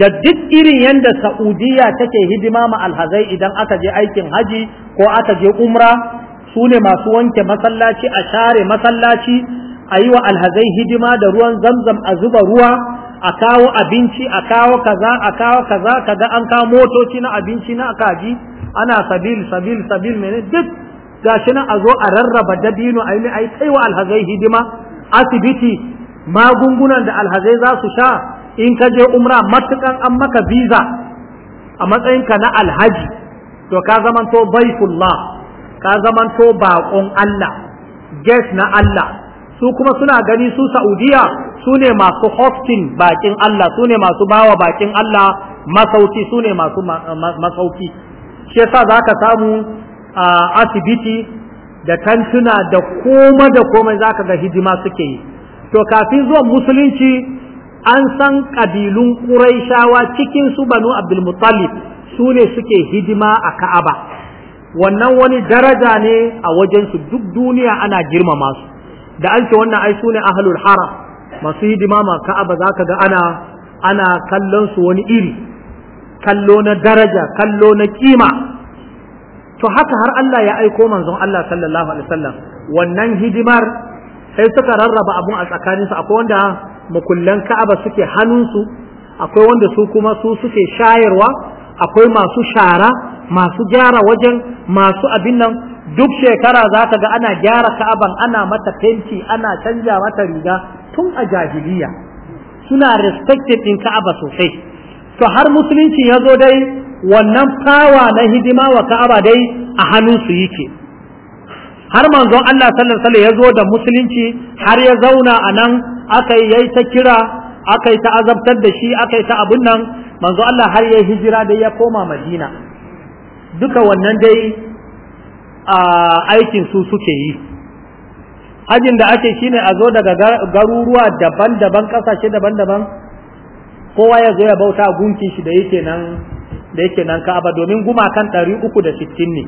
da duk irin yadda sa'udiyya take hidima ma alhazai idan aka je aikin haji ko aka je umra su ne masu wanke masallaci a share masallaci a yi wa alhazai hidima da ruwan zamzam a zuba ruwa a kawo abinci a kawo kaza a kawo kaza kaga an kawo motoci na abinci na kaji ana sabil sabil sabil mene duk gashi nan a zo a rarraba dabino a yi ai kaiwa alhazai hidima asibiti magungunan da alhazai za su sha in ka je umra matukan an maka visa a matsayinka na alhaji to ka zamanto baitullah ka zamanto baƙon Allah guest na Allah su kuma suna gani su Saudiya su ne masu hostin bakin Allah su ne masu bawa bakin Allah masauki su ne masu masauki shi yasa za ka samu a asibiti da kantuna da koma da komai za ka ga hidima suke yi to kafin zuwan musulunci an san ƙabilun ƙuraishawa cikin su banu abdulmutallib su ne suke hidima a ka'aba wannan wani daraja ne a wajensu duk duniya ana girmama su da an ce wannan ai su ne ahlul haram masu hidima ma ka'aba za ka ga ana ana kallon su wani iri kallo na daraja kallo na kima to haka har Allah ya aiko manzon Allah sallallahu alaihi wasallam wannan hidimar sai suka rarraba abun a tsakanin tsakaninsu akwai wanda mukullan ka'aba suke hannunsu akwai wanda su kuma su suke shayarwa akwai masu shara masu gyara wajen masu abin nan duk shekara za ta ga ana gyara ka'aban ana mata fenti ana canja mata riga tun a jahiliya suna respected din Ka'aba sosai to har musulunci ya zo dai wannan fawa na hidima wa Ka'aba dai a hannun su yake har manzon Allah sallallahu alaihi ya zo da musulunci har ya zauna a nan aka yi ta kira aka yi ta azabtar da shi aka yi ta abun nan manzo Allah har ya hijira dai ya koma Madina duka wannan dai a aikin su suke yi Hajin da ake shine a zo daga garuruwa daban-daban kasashe daban-daban kowa ya zo ya bauta gunkin shi da yake nan da yake nan Ka'aba domin gumakan 360 ne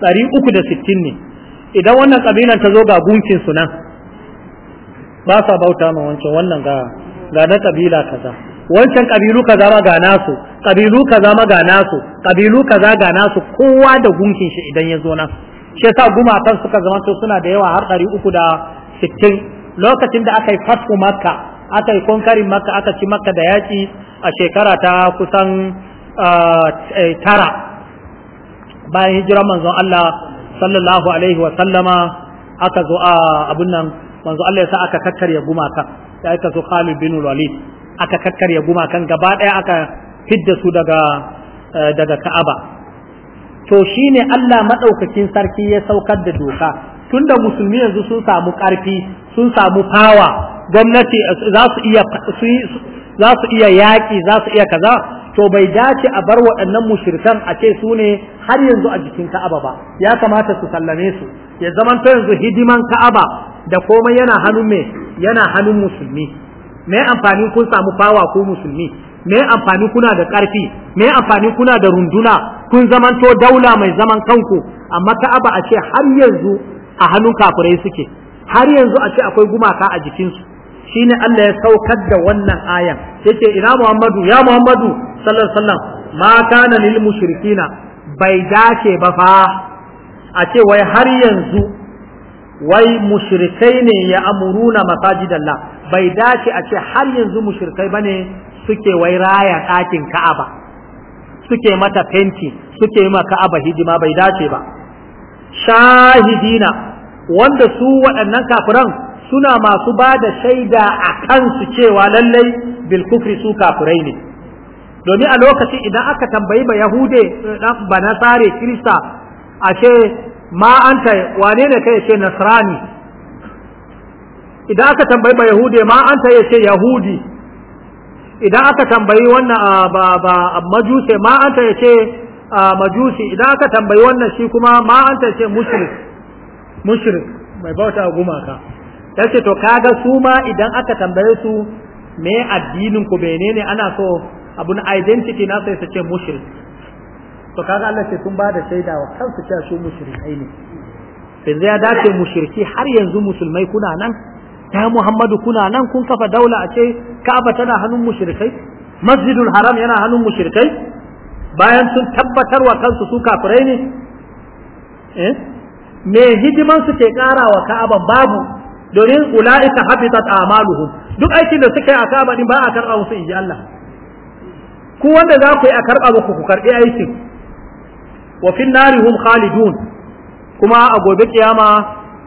360 ne idan wannan kabilan ta zo ga gunkin su nan ba sa bauta ma wancan wannan ga ga na kabila kaza wancan kabilu kaza ma ga nasu kabilu kaza ma ga nasu kabilu kaza ga nasu kowa da gunkin shi idan ya zo nan shi sa gumakan suka to suna da yawa har ɗari uku da sittin lokacin da aka yi fasku makka aka yi konkarin makka aka ci makka da yaƙi a shekara ta kusan ah, eh, tara bayan hijiran manzon Allah sallallahu alaihi wa sallama aka zo a abun nan manzon Allah ya sa aka kakkarya gumakan ya aka zo Khalid bin Walid aka kakkarya gumakan gaba ɗaya aka fidda su daga eh, daga Ka'aba to shine Allah maɗaukakin sarki ya saukar da doka tunda musulmi yanzu sun samu ƙarfi, sun samu fawa gwamnati eh, za su iya za su iya yaƙi za su iya kaza to bai dace a bar waɗannan mushrikan a ce su ne har yanzu a jikin Ka'aba ba ya kamata su sallame su ya zamanto yanzu hidiman Ka'aba da komai yana hannun me yana hannun musulmi me amfani kun samu fawa ko musulmi me amfani kuna da ƙarfi me amfani kuna da runduna kun zamanto daula mai zaman kanku amma ka'aba a ce har yanzu a hannun kafirai suke har yanzu a ce akwai gumaka a jikinsu shine Allah ya saukar da wannan ayan sai ce ina Muhammadu ya Muhammadu sallallahu alaihi wasallam ma kana mushrikina bai dace ba fa a ce wai har yanzu wai mushrikai ne ya amuruna masajidallah bai dace a ce har yanzu mushrikai bane suke wai raya ɗakin ka'aba suke mata fenti suke yi ma ka'aba hidima bai dace ba shahidina wanda su waɗannan kafiran suna masu ba da shaida a kansu cewa lallai bilkufri su kafirai ne domin a lokacin idan aka tambayi ba yahude eh, ba nasare kirista ashe ma anta wane ne kai ce nasrani idan aka tambayi ba yahude ma anta ya ce yahudi idan aka tambayi wannan ba ba majusi ma anta yace majusi idan aka tambayi wannan shi kuma ma anta yace mushrik mushrik mai bauta gumaka yace to kaga su ma idan aka tambaye su me addinin ku menene ana so abun identity na sai su ce mushrik to kaga Allah ce sun bada shaida wa kansu cewa su mushrikai ne yanzu ya dace mushriki har yanzu musulmai kuna nan ya Muhammadu kuna nan kun kafa daula a ce Ka'aba tana hannun mushrikai Masjidul Haram yana hannun mushrikai bayan sun tabbatar wa kansu su kafirai ne eh? me hidiman su ke ƙara wa Ka'aba babu domin ula'ika habitat amaluhum duk aikin da suka yi a Ka'aba din ba a karɓa musu inji Allah ku wanda za ku yi a karɓa muku ku karɓi aikin wa fin narihum khalidun kuma a gobe kiyama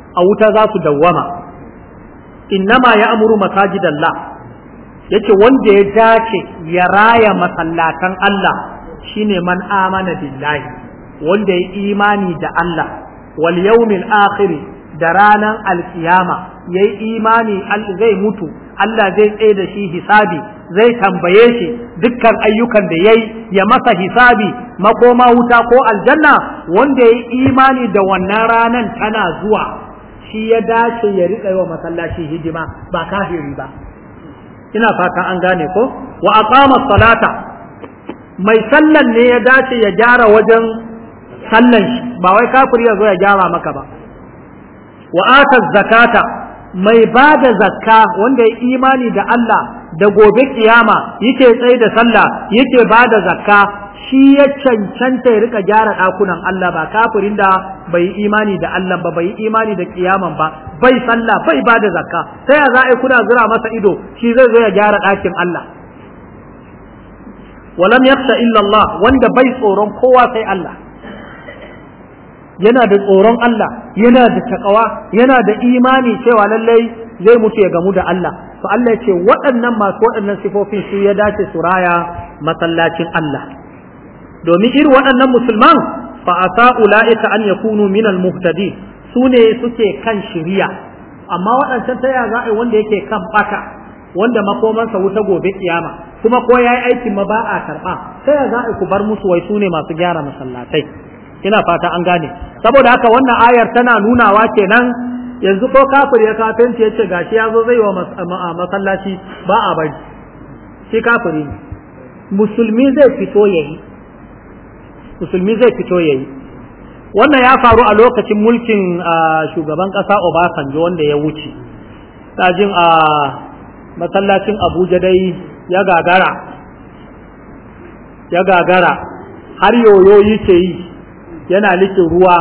a wuta za su dawwama innama ya amuru masajidallah yace wanda ya dace ya raya masallatan Allah shine man amana billahi wanda ya imani da Allah wal yawmil akhir da ranan alkiyama yayi imani zai mutu Allah zai tsaye da shi hisabi zai tambaye shi dukkan ayyukan da yayi ya masa hisabi makoma wuta ko aljanna wanda yayi imani da wannan ranan tana zuwa shi ya dace ya riƙa yi wa masallaci hidima ba kafiri ba ina fata an gane ko wa aqama salata mai sallan ne ya dace ya gyara wajen sallan shi ba wai kafiri ya zo ya gyara maka ba wa ata zakata mai ba da zakka wanda ya imani da Allah da gobe kiyama yake tsaye da sallah yake bada da zakka shi ya cancanta ya rika gyara ɗakunan Allah ba kafirin da bai yi imani da Allah ba bai imani da kiyaman ba bai sallah bai ba da zakka sai ya za a kuna zura masa ido shi zai zo ya gyara ɗakin Allah walam yakhsha illa Allah wanda bai tsoron kowa sai Allah yana da tsoron Allah yana da takawa yana da imani cewa lallai zai mutu ya gamu da Allah to Allah ya ce waɗannan masu waɗannan sifofin su ya dace su raya masallacin Allah domin irin waɗannan musulman fa asa ula'ika an kunu minal muhtadi su ne suke kan shirya amma waɗancan ta za a wanda yake kan baka wanda makomansa wuta gobe kiyama kuma ko ya yi aikin ma ba a karba sai ya za ku bar musu wai su ne masu gyara masallatai ina fata an gane saboda haka wannan ayar tana nunawa kenan yanzu ko kafir ya kafinci yace gashi zo zai wa masallaci ba a bari shi kafiri ne musulmi zai fito yayi musulmi zai fito ya yi wannan ya faru a lokacin mulkin shugaban ƙasa obasanjo wanda ya wuce ɗajin a masallacin abuja dai ya gagara ya gagara har yoyo ce yi yana likin ruwa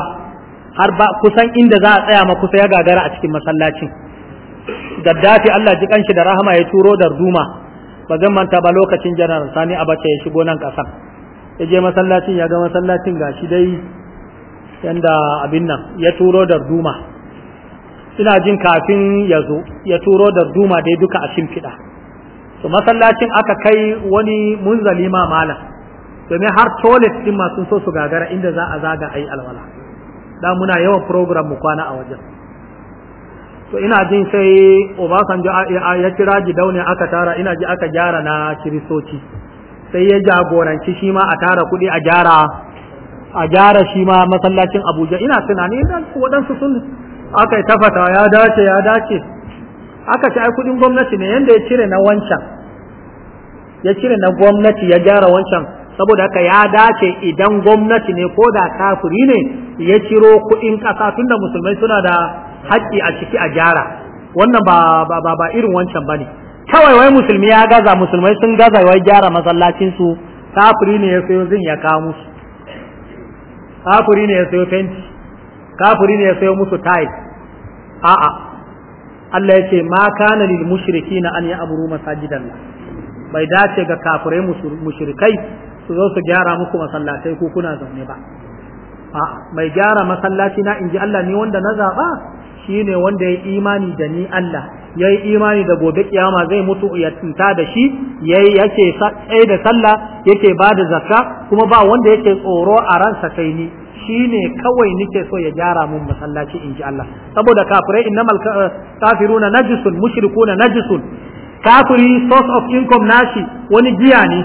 har ba kusan inda za a tsaya ma kusa ya gagara a cikin masallacin gaddafi allah ji kanshi da rahama ya turo darduma ba zan manta ba lokacin janar sani abace ya shigo nan ƙasar ya je masallacin ya ga masallacin gashi dai yanda abin nan ya turo darduma ina jin kafin ya zo ya turo darduma dai duka a shimfiɗa to masallacin aka kai wani munzali ma malam domin har toilet din ma sun so su gagara inda za a zaga ayi alwala da muna yawan program mu kwana a wajen to ina jin sai Obasanjo ya kira gidauniya aka tara ina ji aka gyara na kiristoci sai ya jagoranci shi ma a tara kuɗi a gyara a gyara shi ma masallacin Abuja ina tunani waɗansu sun aka yi tafata ya dace ya dace aka ci ai kuɗin gwamnati ne yanda ya cire na wancan ya cire na gwamnati ya gyara wancan saboda haka ya dace idan gwamnati ne ko da kafiri ne ya ciro kuɗin ƙasa tunda musulmai suna da haƙƙi a ciki a gyara wannan ba irin wancan bane kawai wai musulmi ya gaza musulmai sun gaza wai gyara masallacin su kafiri ne ya sayo zin ya kawo musu kafiri ne ya sayo fenti kafiri ne ya sayo musu tiles a'a Allah ya ce ma kana lil mushrikina an ya'muru masajidan bai dace ga kafirai mushrikai su zo su gyara muku masallatai ko kuna zaune ba A'a mai gyara masallaci na inji Allah ni wanda na zaba shine wanda yayi imani da ni Allah yayi imani da gobe kiyama zai mutu ya tinta da shi yayi yake sai da sallah yake ba da zakka kuma ba wanda yake tsoro a ransa kai ni shine kawai nike so ya gyara mun masallaci inji Allah saboda kafirai innamal eh, kafiruna najisun mushrikuna najisun kafiri source of income nashi wani giya ne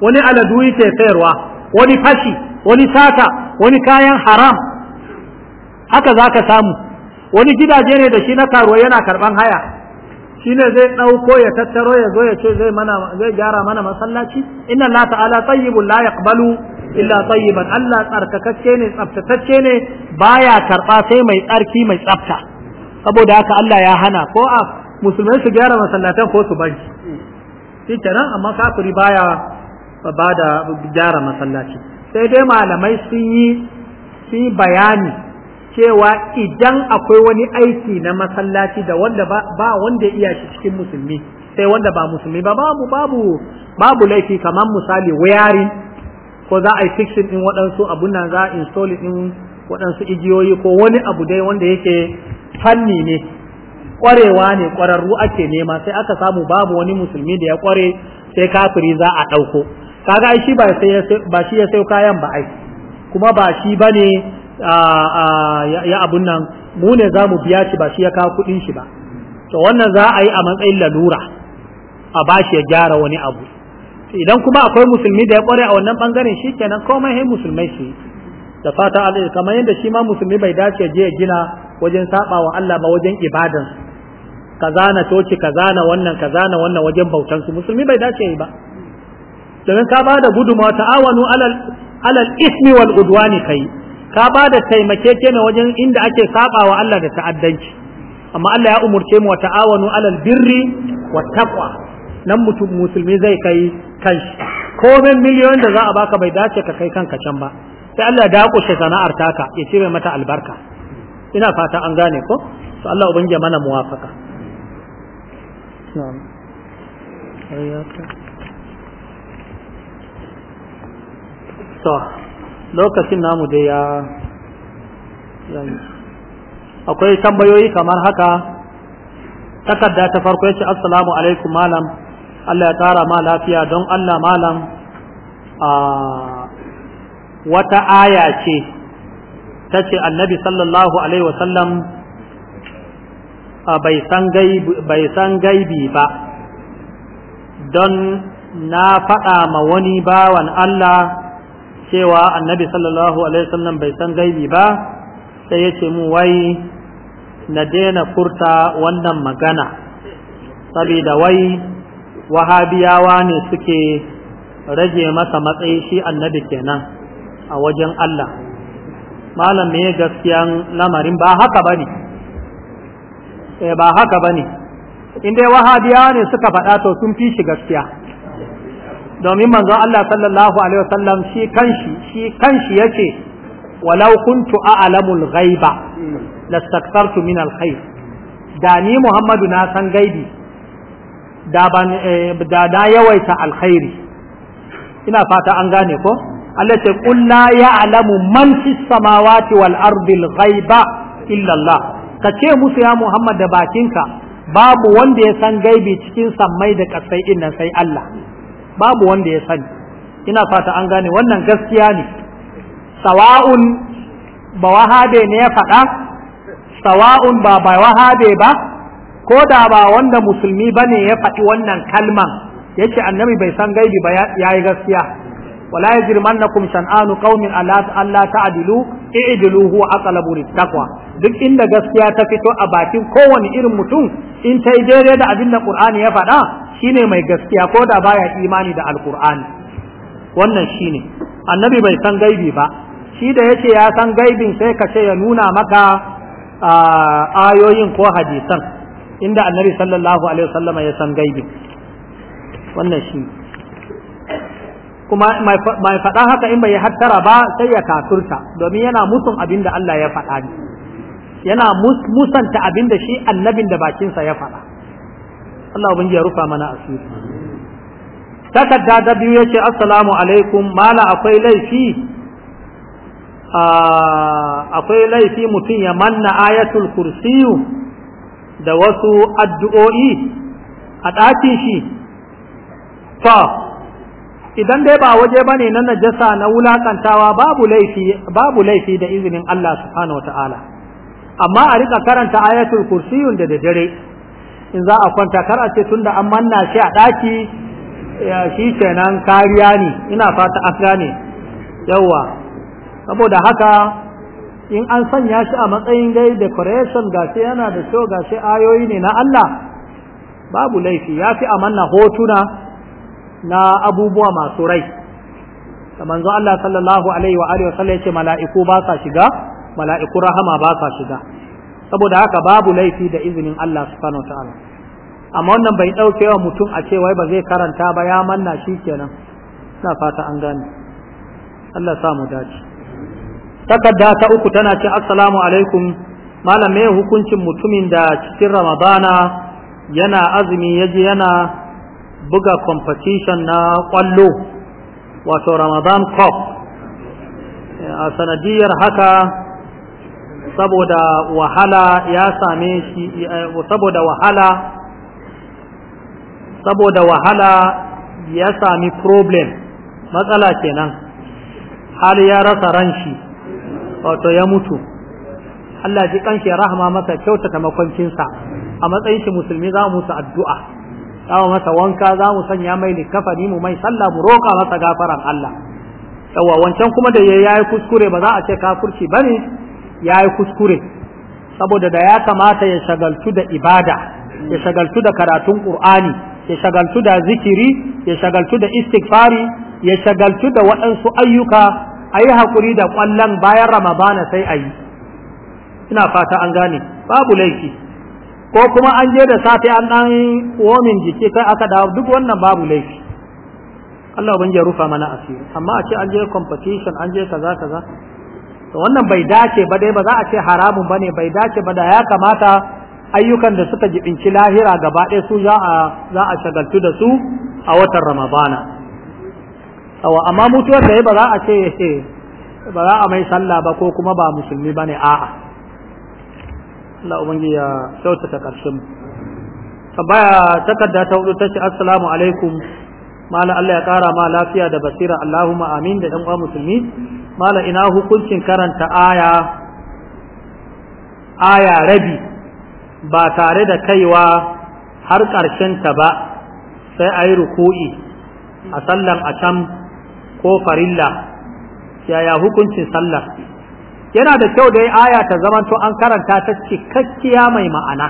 wani aladu yake sayarwa wani fashi wani sata wani kayan haram haka za ka samu wani gidaje ne da shi na karuwa yana karban haya shi ne zai ɗauko ya tattaro ya zo ya ce zai mana gyara mana masallaci inna la ta'ala tayyibun la yaqbalu illa tayyiban Allah tsarkakakke ne tsaftatacce ne baya karba sai mai tsarki mai tsafta saboda haka Allah ya hana ko a musulmai su gyara masallatan ko su bari shi kenan amma kafiri baya ba da gyara masallaci sai dai malamai sun yi bayani cewa idan akwai wani aiki na masallaci da wanda ba, wanda iya shi cikin musulmi sai wanda ba musulmi ba babu babu babu laifi kamar misali wayarin ko za a yi fiction din waɗansu abun nan za a install din waɗansu igiyoyi ko wani abu dai wanda yake fanni ne ƙwarewa ne ƙwararru ake nema sai aka samu babu wani musulmi da ya ƙware sai kafiri za a ɗauko kaga ai shi ba sai ba shi ya sayo kayan ba ai kuma ba shi bane ya abun nan mu ne zamu biya shi ba shi ya kawo kuɗin shi ba to wannan za a yi a matsayin lalura a bashi ya gyara wani abu idan kuma akwai musulmi da ya kware a wannan bangaren shikenan komai sai musulmai su da fata Allah kamar yadda shi ma musulmi bai dace je ya gina wajen saba wa Allah ba wajen ibadan kaza na toci kaza na wannan kaza na wannan wajen bautan su musulmi bai dace ba domin ka bada gudunmawa ta'awanu alal alal ismi wal udwani kai ka bada taimakekene wajen inda ake sabawa Allah da ta'addanci amma Allah ya umurce mu wa ta'awanu alal birri wa taqwa nan mutum musulmi zai kai kanshi komai miliyon da za a baka bai dace ka kai kanka can ba sai Allah da kushe sana'ar taka ya cire mata albarka ina fata an gane ko to Allah ubangiji mana muwafaka na'am to lokacin namu dai ya akwai tambayoyi kamar haka takarda ta farko yace assalamu alaikum malam Allah ya kara ma lafiya don Allah malam a wata aya ce ta ce annabi sallallahu alaihi wasallam bai san gaibi ba don na faɗa ma wani bawan Allah cewa annabi sallallahu alaihi wasallam bai san gaibi ba sai ya ce mu wai na daina furta wannan magana saboda wai wahabiyawa ne suke rage masa matsayi shi annabi kenan a wajen Allah malam me gaskiyan lamarin ba haka bane eh ba haka bane in dai wahabiyawa ne suka faɗa to sun fi shi gaskiya domin manzon Allah sallallahu alaihi wasallam shi kanshi shi kanshi yake walau kuntu a'lamul ghaiba lastaktartu min alkhair da ni Muhammadu na san gaibi da ban eh, da da yawaita alkhairi ina fata an gane ko Allah ce qul la ya'lamu man fis samawati wal ardi ghaiba illa Allah ka ce musu ya Muhammad da bakinka babu wanda ya san gaibi cikin sammai da kasai din sai Allah babu wanda ya sani ina fata an gane wannan gaskiya ne sawa'un ba wahabe ne ya faɗa sawa'un ba ba wahabe ba ko da ba wanda musulmi ba ya faɗi wannan kalman ya ce annabi bai san gaibi ba ya yi gaskiya wala ya jirman na kum shan'anu qaumin Allah ta'dilu i'dilu huwa aqlabu littaqwa duk inda gaskiya ta fito a bakin kowane irin mutum in ta yi daidai da abin da Qur'ani ya faɗa shine mai gaskiya ko da baya imani da alkur'ani wannan shine annabi bai san gaibi ba shi da yace ya san gaibin sai ka ce ya nuna maka ayoyin ko hadisan inda annabi sallallahu alaihi wasallama ya san gaibi wannan shi kuma mai faɗa haka in bai yi hattara ba sai ya kafirta domin yana musun abin Allah ya faɗa yana musanta abin shi annabin da bakinsa ya faɗa Allah ubangiji ya rufa mana asiri takarda da biyu yace assalamu alaikum mala akwai laifi akwai laifi mutum ya manna ayatul kursi da wasu addu'o'i a ɗakin shi fa idan dai ba waje ba ne na najasa na wulakantawa babu laifi babu laifi da izinin Allah subhanahu wataala amma a rika karanta ayatul kursiyun da dare in za a kwanta kar a ce tun da an manna shi a ɗaki shi kenan kariya ne ina fata an gane yawa saboda haka in an sanya shi a matsayin dai decoration shi yana da kyau gashi ayoyi ne na Allah babu laifi ya fi a manna hotuna na abubuwa masu rai kamar zo Allah sallallahu alaihi wa alihi wa sallam yace mala'iku ba sa shiga mala'iku rahama ba sa shiga saboda haka babu laifi da izinin Allah subhanahu wa ta'ala amma wannan bai dauke wa mutum a ce wai ba zai karanta ba ya manna shi kenan ina fata an gane Allah sa mu dace takarda ta uku tana ce assalamu alaikum malam me hukuncin mutumin da cikin ramadana yana azumi yaje yana buga competition na kwallo wato ramadan cup a sanadiyar haka saboda wahala ya same shi saboda wahala saboda wahala ya sami problem matsala kenan har ya rasa ran shi wato ya mutu Allah ji kanshi ya rahama masa kyautata makwancinsa a matsayin shi musulmi za mu sa addu'a za mu masa wanka za mu sanya mai likafani mu mai sallah mu roƙa masa gafaran Allah yawa wancan kuma da yayi yi kuskure ba za a ce kafirci bane ya yi kuskure saboda da ya kamata ya shagaltu da ibada ya shagaltu da karatun ƙur'ani ya shagaltu da zikiri ya shagaltu da istighfari ya shagaltu da waɗansu ayyuka a yi haƙuri da ƙwallon bayan ramadana sai a yi ina fata an gane babu laifi ko kuma an je da safe an ɗan womin jiki kai aka dawo duk wannan babu laifi Allah ban ya rufa mana asiri amma a ce an je competition an je kaza kaza to wannan bai dace ba dai ba za a ce haramun bane bai dace ba da ya kamata ayyukan da suka jibinci lahira gaba ɗaya su za a za a shagaltu da su a watan ramadana awa amma mutuwar da ba za a ce ya ba za a mai sallah ba ko kuma ba musulmi bane a'a Allah ubangi ya kyautata karshen tambaya takarda ta hudu ce assalamu alaikum mala Allah ya kara ma lafiya da basira Allahumma amin da dan uwa musulmi mala ina hukuncin karanta aya aya rabi ba tare da kaiwa har ta ba sai a yi ruku'i a sallan a can ko farilla yaya hukuncin sallar yana da kyau da dai aya ta zamanto an karanta ta cikakkiya mai ma'ana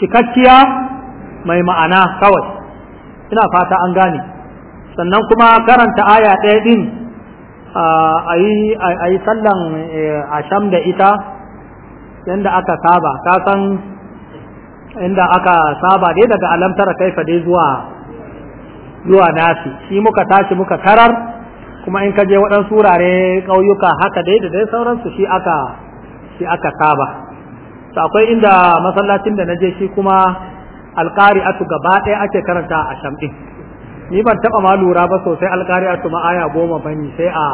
cikakkiya mai ma'ana kawai ina fata an gane sannan kuma karanta aya ɗaya ɗin Ah, a yi sallan eh, asham da ita yadda aka saba ka san inda aka saba dai daga alamtara kaifa dai zuwa zuwa nasi shi muka tashi muka karar, kuma in ka je waɗansu wurare ƙauyuka haka dai da dai sauransu shi aka shi aka saba to akwai inda masallacin da na je shi kuma alƙari'atu gaba ɗaya ake karanta a sham ɗin ni ban taba ma lura ba sosai alƙariya kuma aya goma bane sai a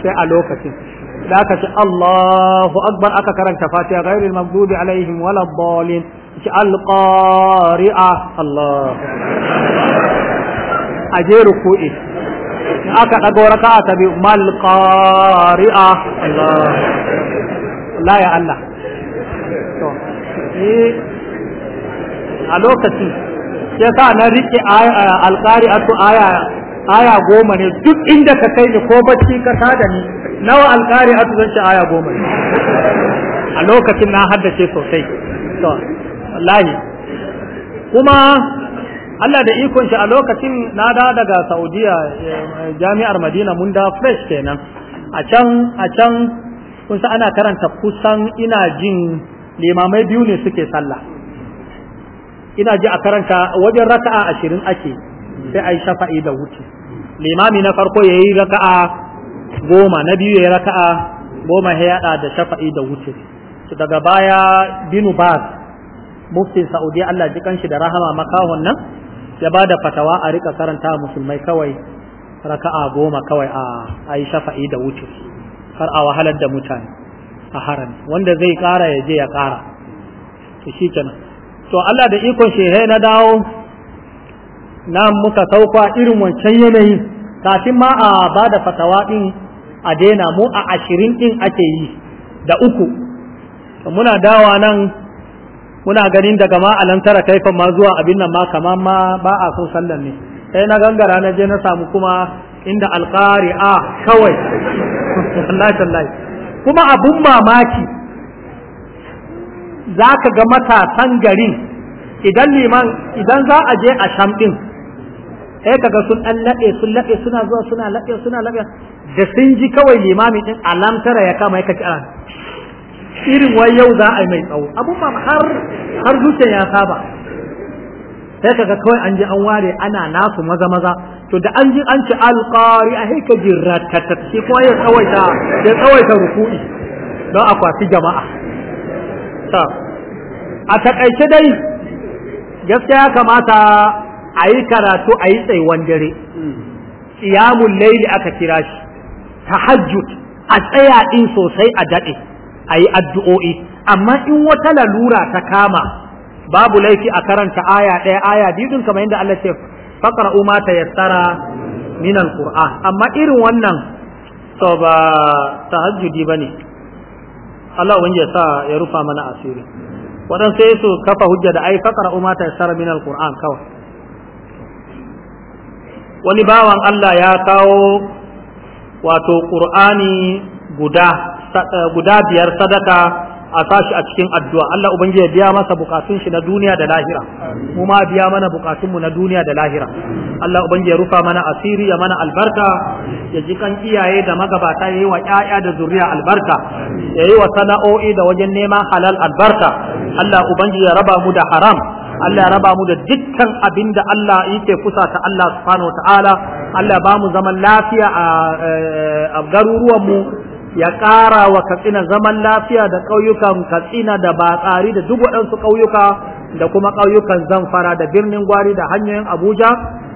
sai a lokacin da aka ce Allahu akbar aka karanta Fatiha ghairil maghdubi alaihim wala dhalin shi alqari'a Allah A aje ruku'i in aka dago raka'a ta bi mal qari'a Allah la ya Allah to a lokacin sai sa na riƙe alƙari a aya aya goma ne duk inda ka kai ni ko bacci ka da ni nawa alƙari a zan ce aya goma ne a lokacin na haddace sosai to wallahi kuma Allah da ikon shi a lokacin na da daga Saudiya eh, jami'ar Madina mun da fresh kenan a can a can kun ana karanta kusan ina jin limamai biyu ne suke sallah ina ji a karanta wajen raka'a ashirin ake sai a yi shafa'i da wuce limami na farko ya yi raka'a goma na biyu ya yi raka'a goma ya yada da shafa'i da wuce daga baya binu ba muftin saudi allah ji kanshi da rahama makahon nan ya ba da fatawa a rika karanta musulmai kawai raka'a goma kawai a yi shafa'i da wuce kar a wahalar da mutane a haram wanda zai kara ya je ya kara to shi kenan to Allah da ikon shehe na dawo na muka sauka irin wancan yanayi kafin ma a ba da fatawa ɗin a daina mu a ashirin ɗin ake yi da uku muna dawa nan muna ganin daga ma alantara kaifan ma zuwa abin nan ma kamar ma ba a so sallan ne sai na gangara na je na samu kuma inda A kawai wallahi kuma abun mamaki za ka ga matasan garin idan liman idan za a je a shamɗin sai kaga sun ɗan laɓe sun laɓe suna zuwa suna laɓe suna laɓe da sun ji kawai limami ɗin alamtara ya kama ya kaci a ah, irin wai yau za a yi mai tsawo abubuwan ba har har zuciya ya saba sai kaga kawai an ji an ware ana nasu maza maza to da an ji an ci alƙari a haika ji ratatat shi kuma ya tsawaita ya tsawaita ruku'i don akwati jama'a a takaice dai gaskiya kamata a yi karatu a yi tsaiwan dare Iyamun laili aka kira shi tahajjud a tsaya ɗin sosai a daɗe a yi addu'o'i amma in wata lalura ta kama babu laifi a karanta aya ɗaya aya biyu kamar yadda Allah ce faƙar umma ta yassara minan alƙur'an amma irin wannan to ba tahajjudi ba ne Allah wani ya sa ya rufa mana asiri wadan sai su kafa hujja da ai fakara umma min alquran kawai wani bawan Allah ya kawo wato qur'ani guda eh, guda biyar sadaka a sashi a cikin addu'a Allah ubangiji ya biya masa bukatun shi na duniya da lahira mu ma biya mana bukatun mu na duniya da lahira Allah ubangiji ya rufa mana asiri ya mana albarka ya ji kan iyaye da magabata yayi wa ƴaƴa da zuriya albarka yayi wa sana'o'i da wajen neman halal albarka Allah ubangiji ya raba mu da haram Allah ya raba mu da dukkan abin da Allah yake kusa ta Allah subhanahu wa ta'ala Allah ba mu zaman lafiya a eh, garuruwanmu ya ƙara wa katsina zaman lafiya da ƙauyukan katsina da batsari da duk waɗansu ƙauyuka da kuma ƙauyukan zamfara da birnin gwari da hanyoyin abuja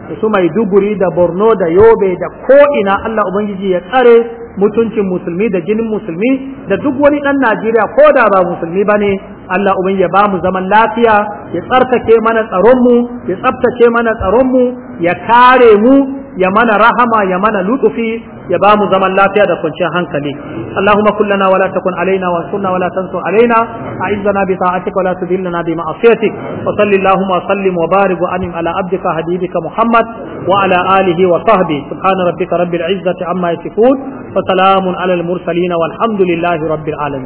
da su maiduguri da borno da yobe da ko'ina allah ubangiji ya tsare mutuncin musulmi da jinin musulmi da duk wani ɗan najeriya ko da ba musulmi ba ne allah ubangiji ya ba mu zaman lafiya ya tsarkake mana tsaronmu ya tsabtace mana tsaronmu ya kare mu ya mana rahama ya mana lutufi ya ba mu zaman lafiya da kwanciyar hankali Allahumma kullana wala takun alaina wa sunna wala tansu alaina a'izzana bi ta'atika wala tudillana bi ma'asiyatik wa salli Allahumma sallim wa barik wa anim ala abdika habibika Muhammad wa ala alihi wa sahbihi subhana rabbika rabbil izzati amma yasifun wa salamun ala al mursalin walhamdulillahi rabbil alamin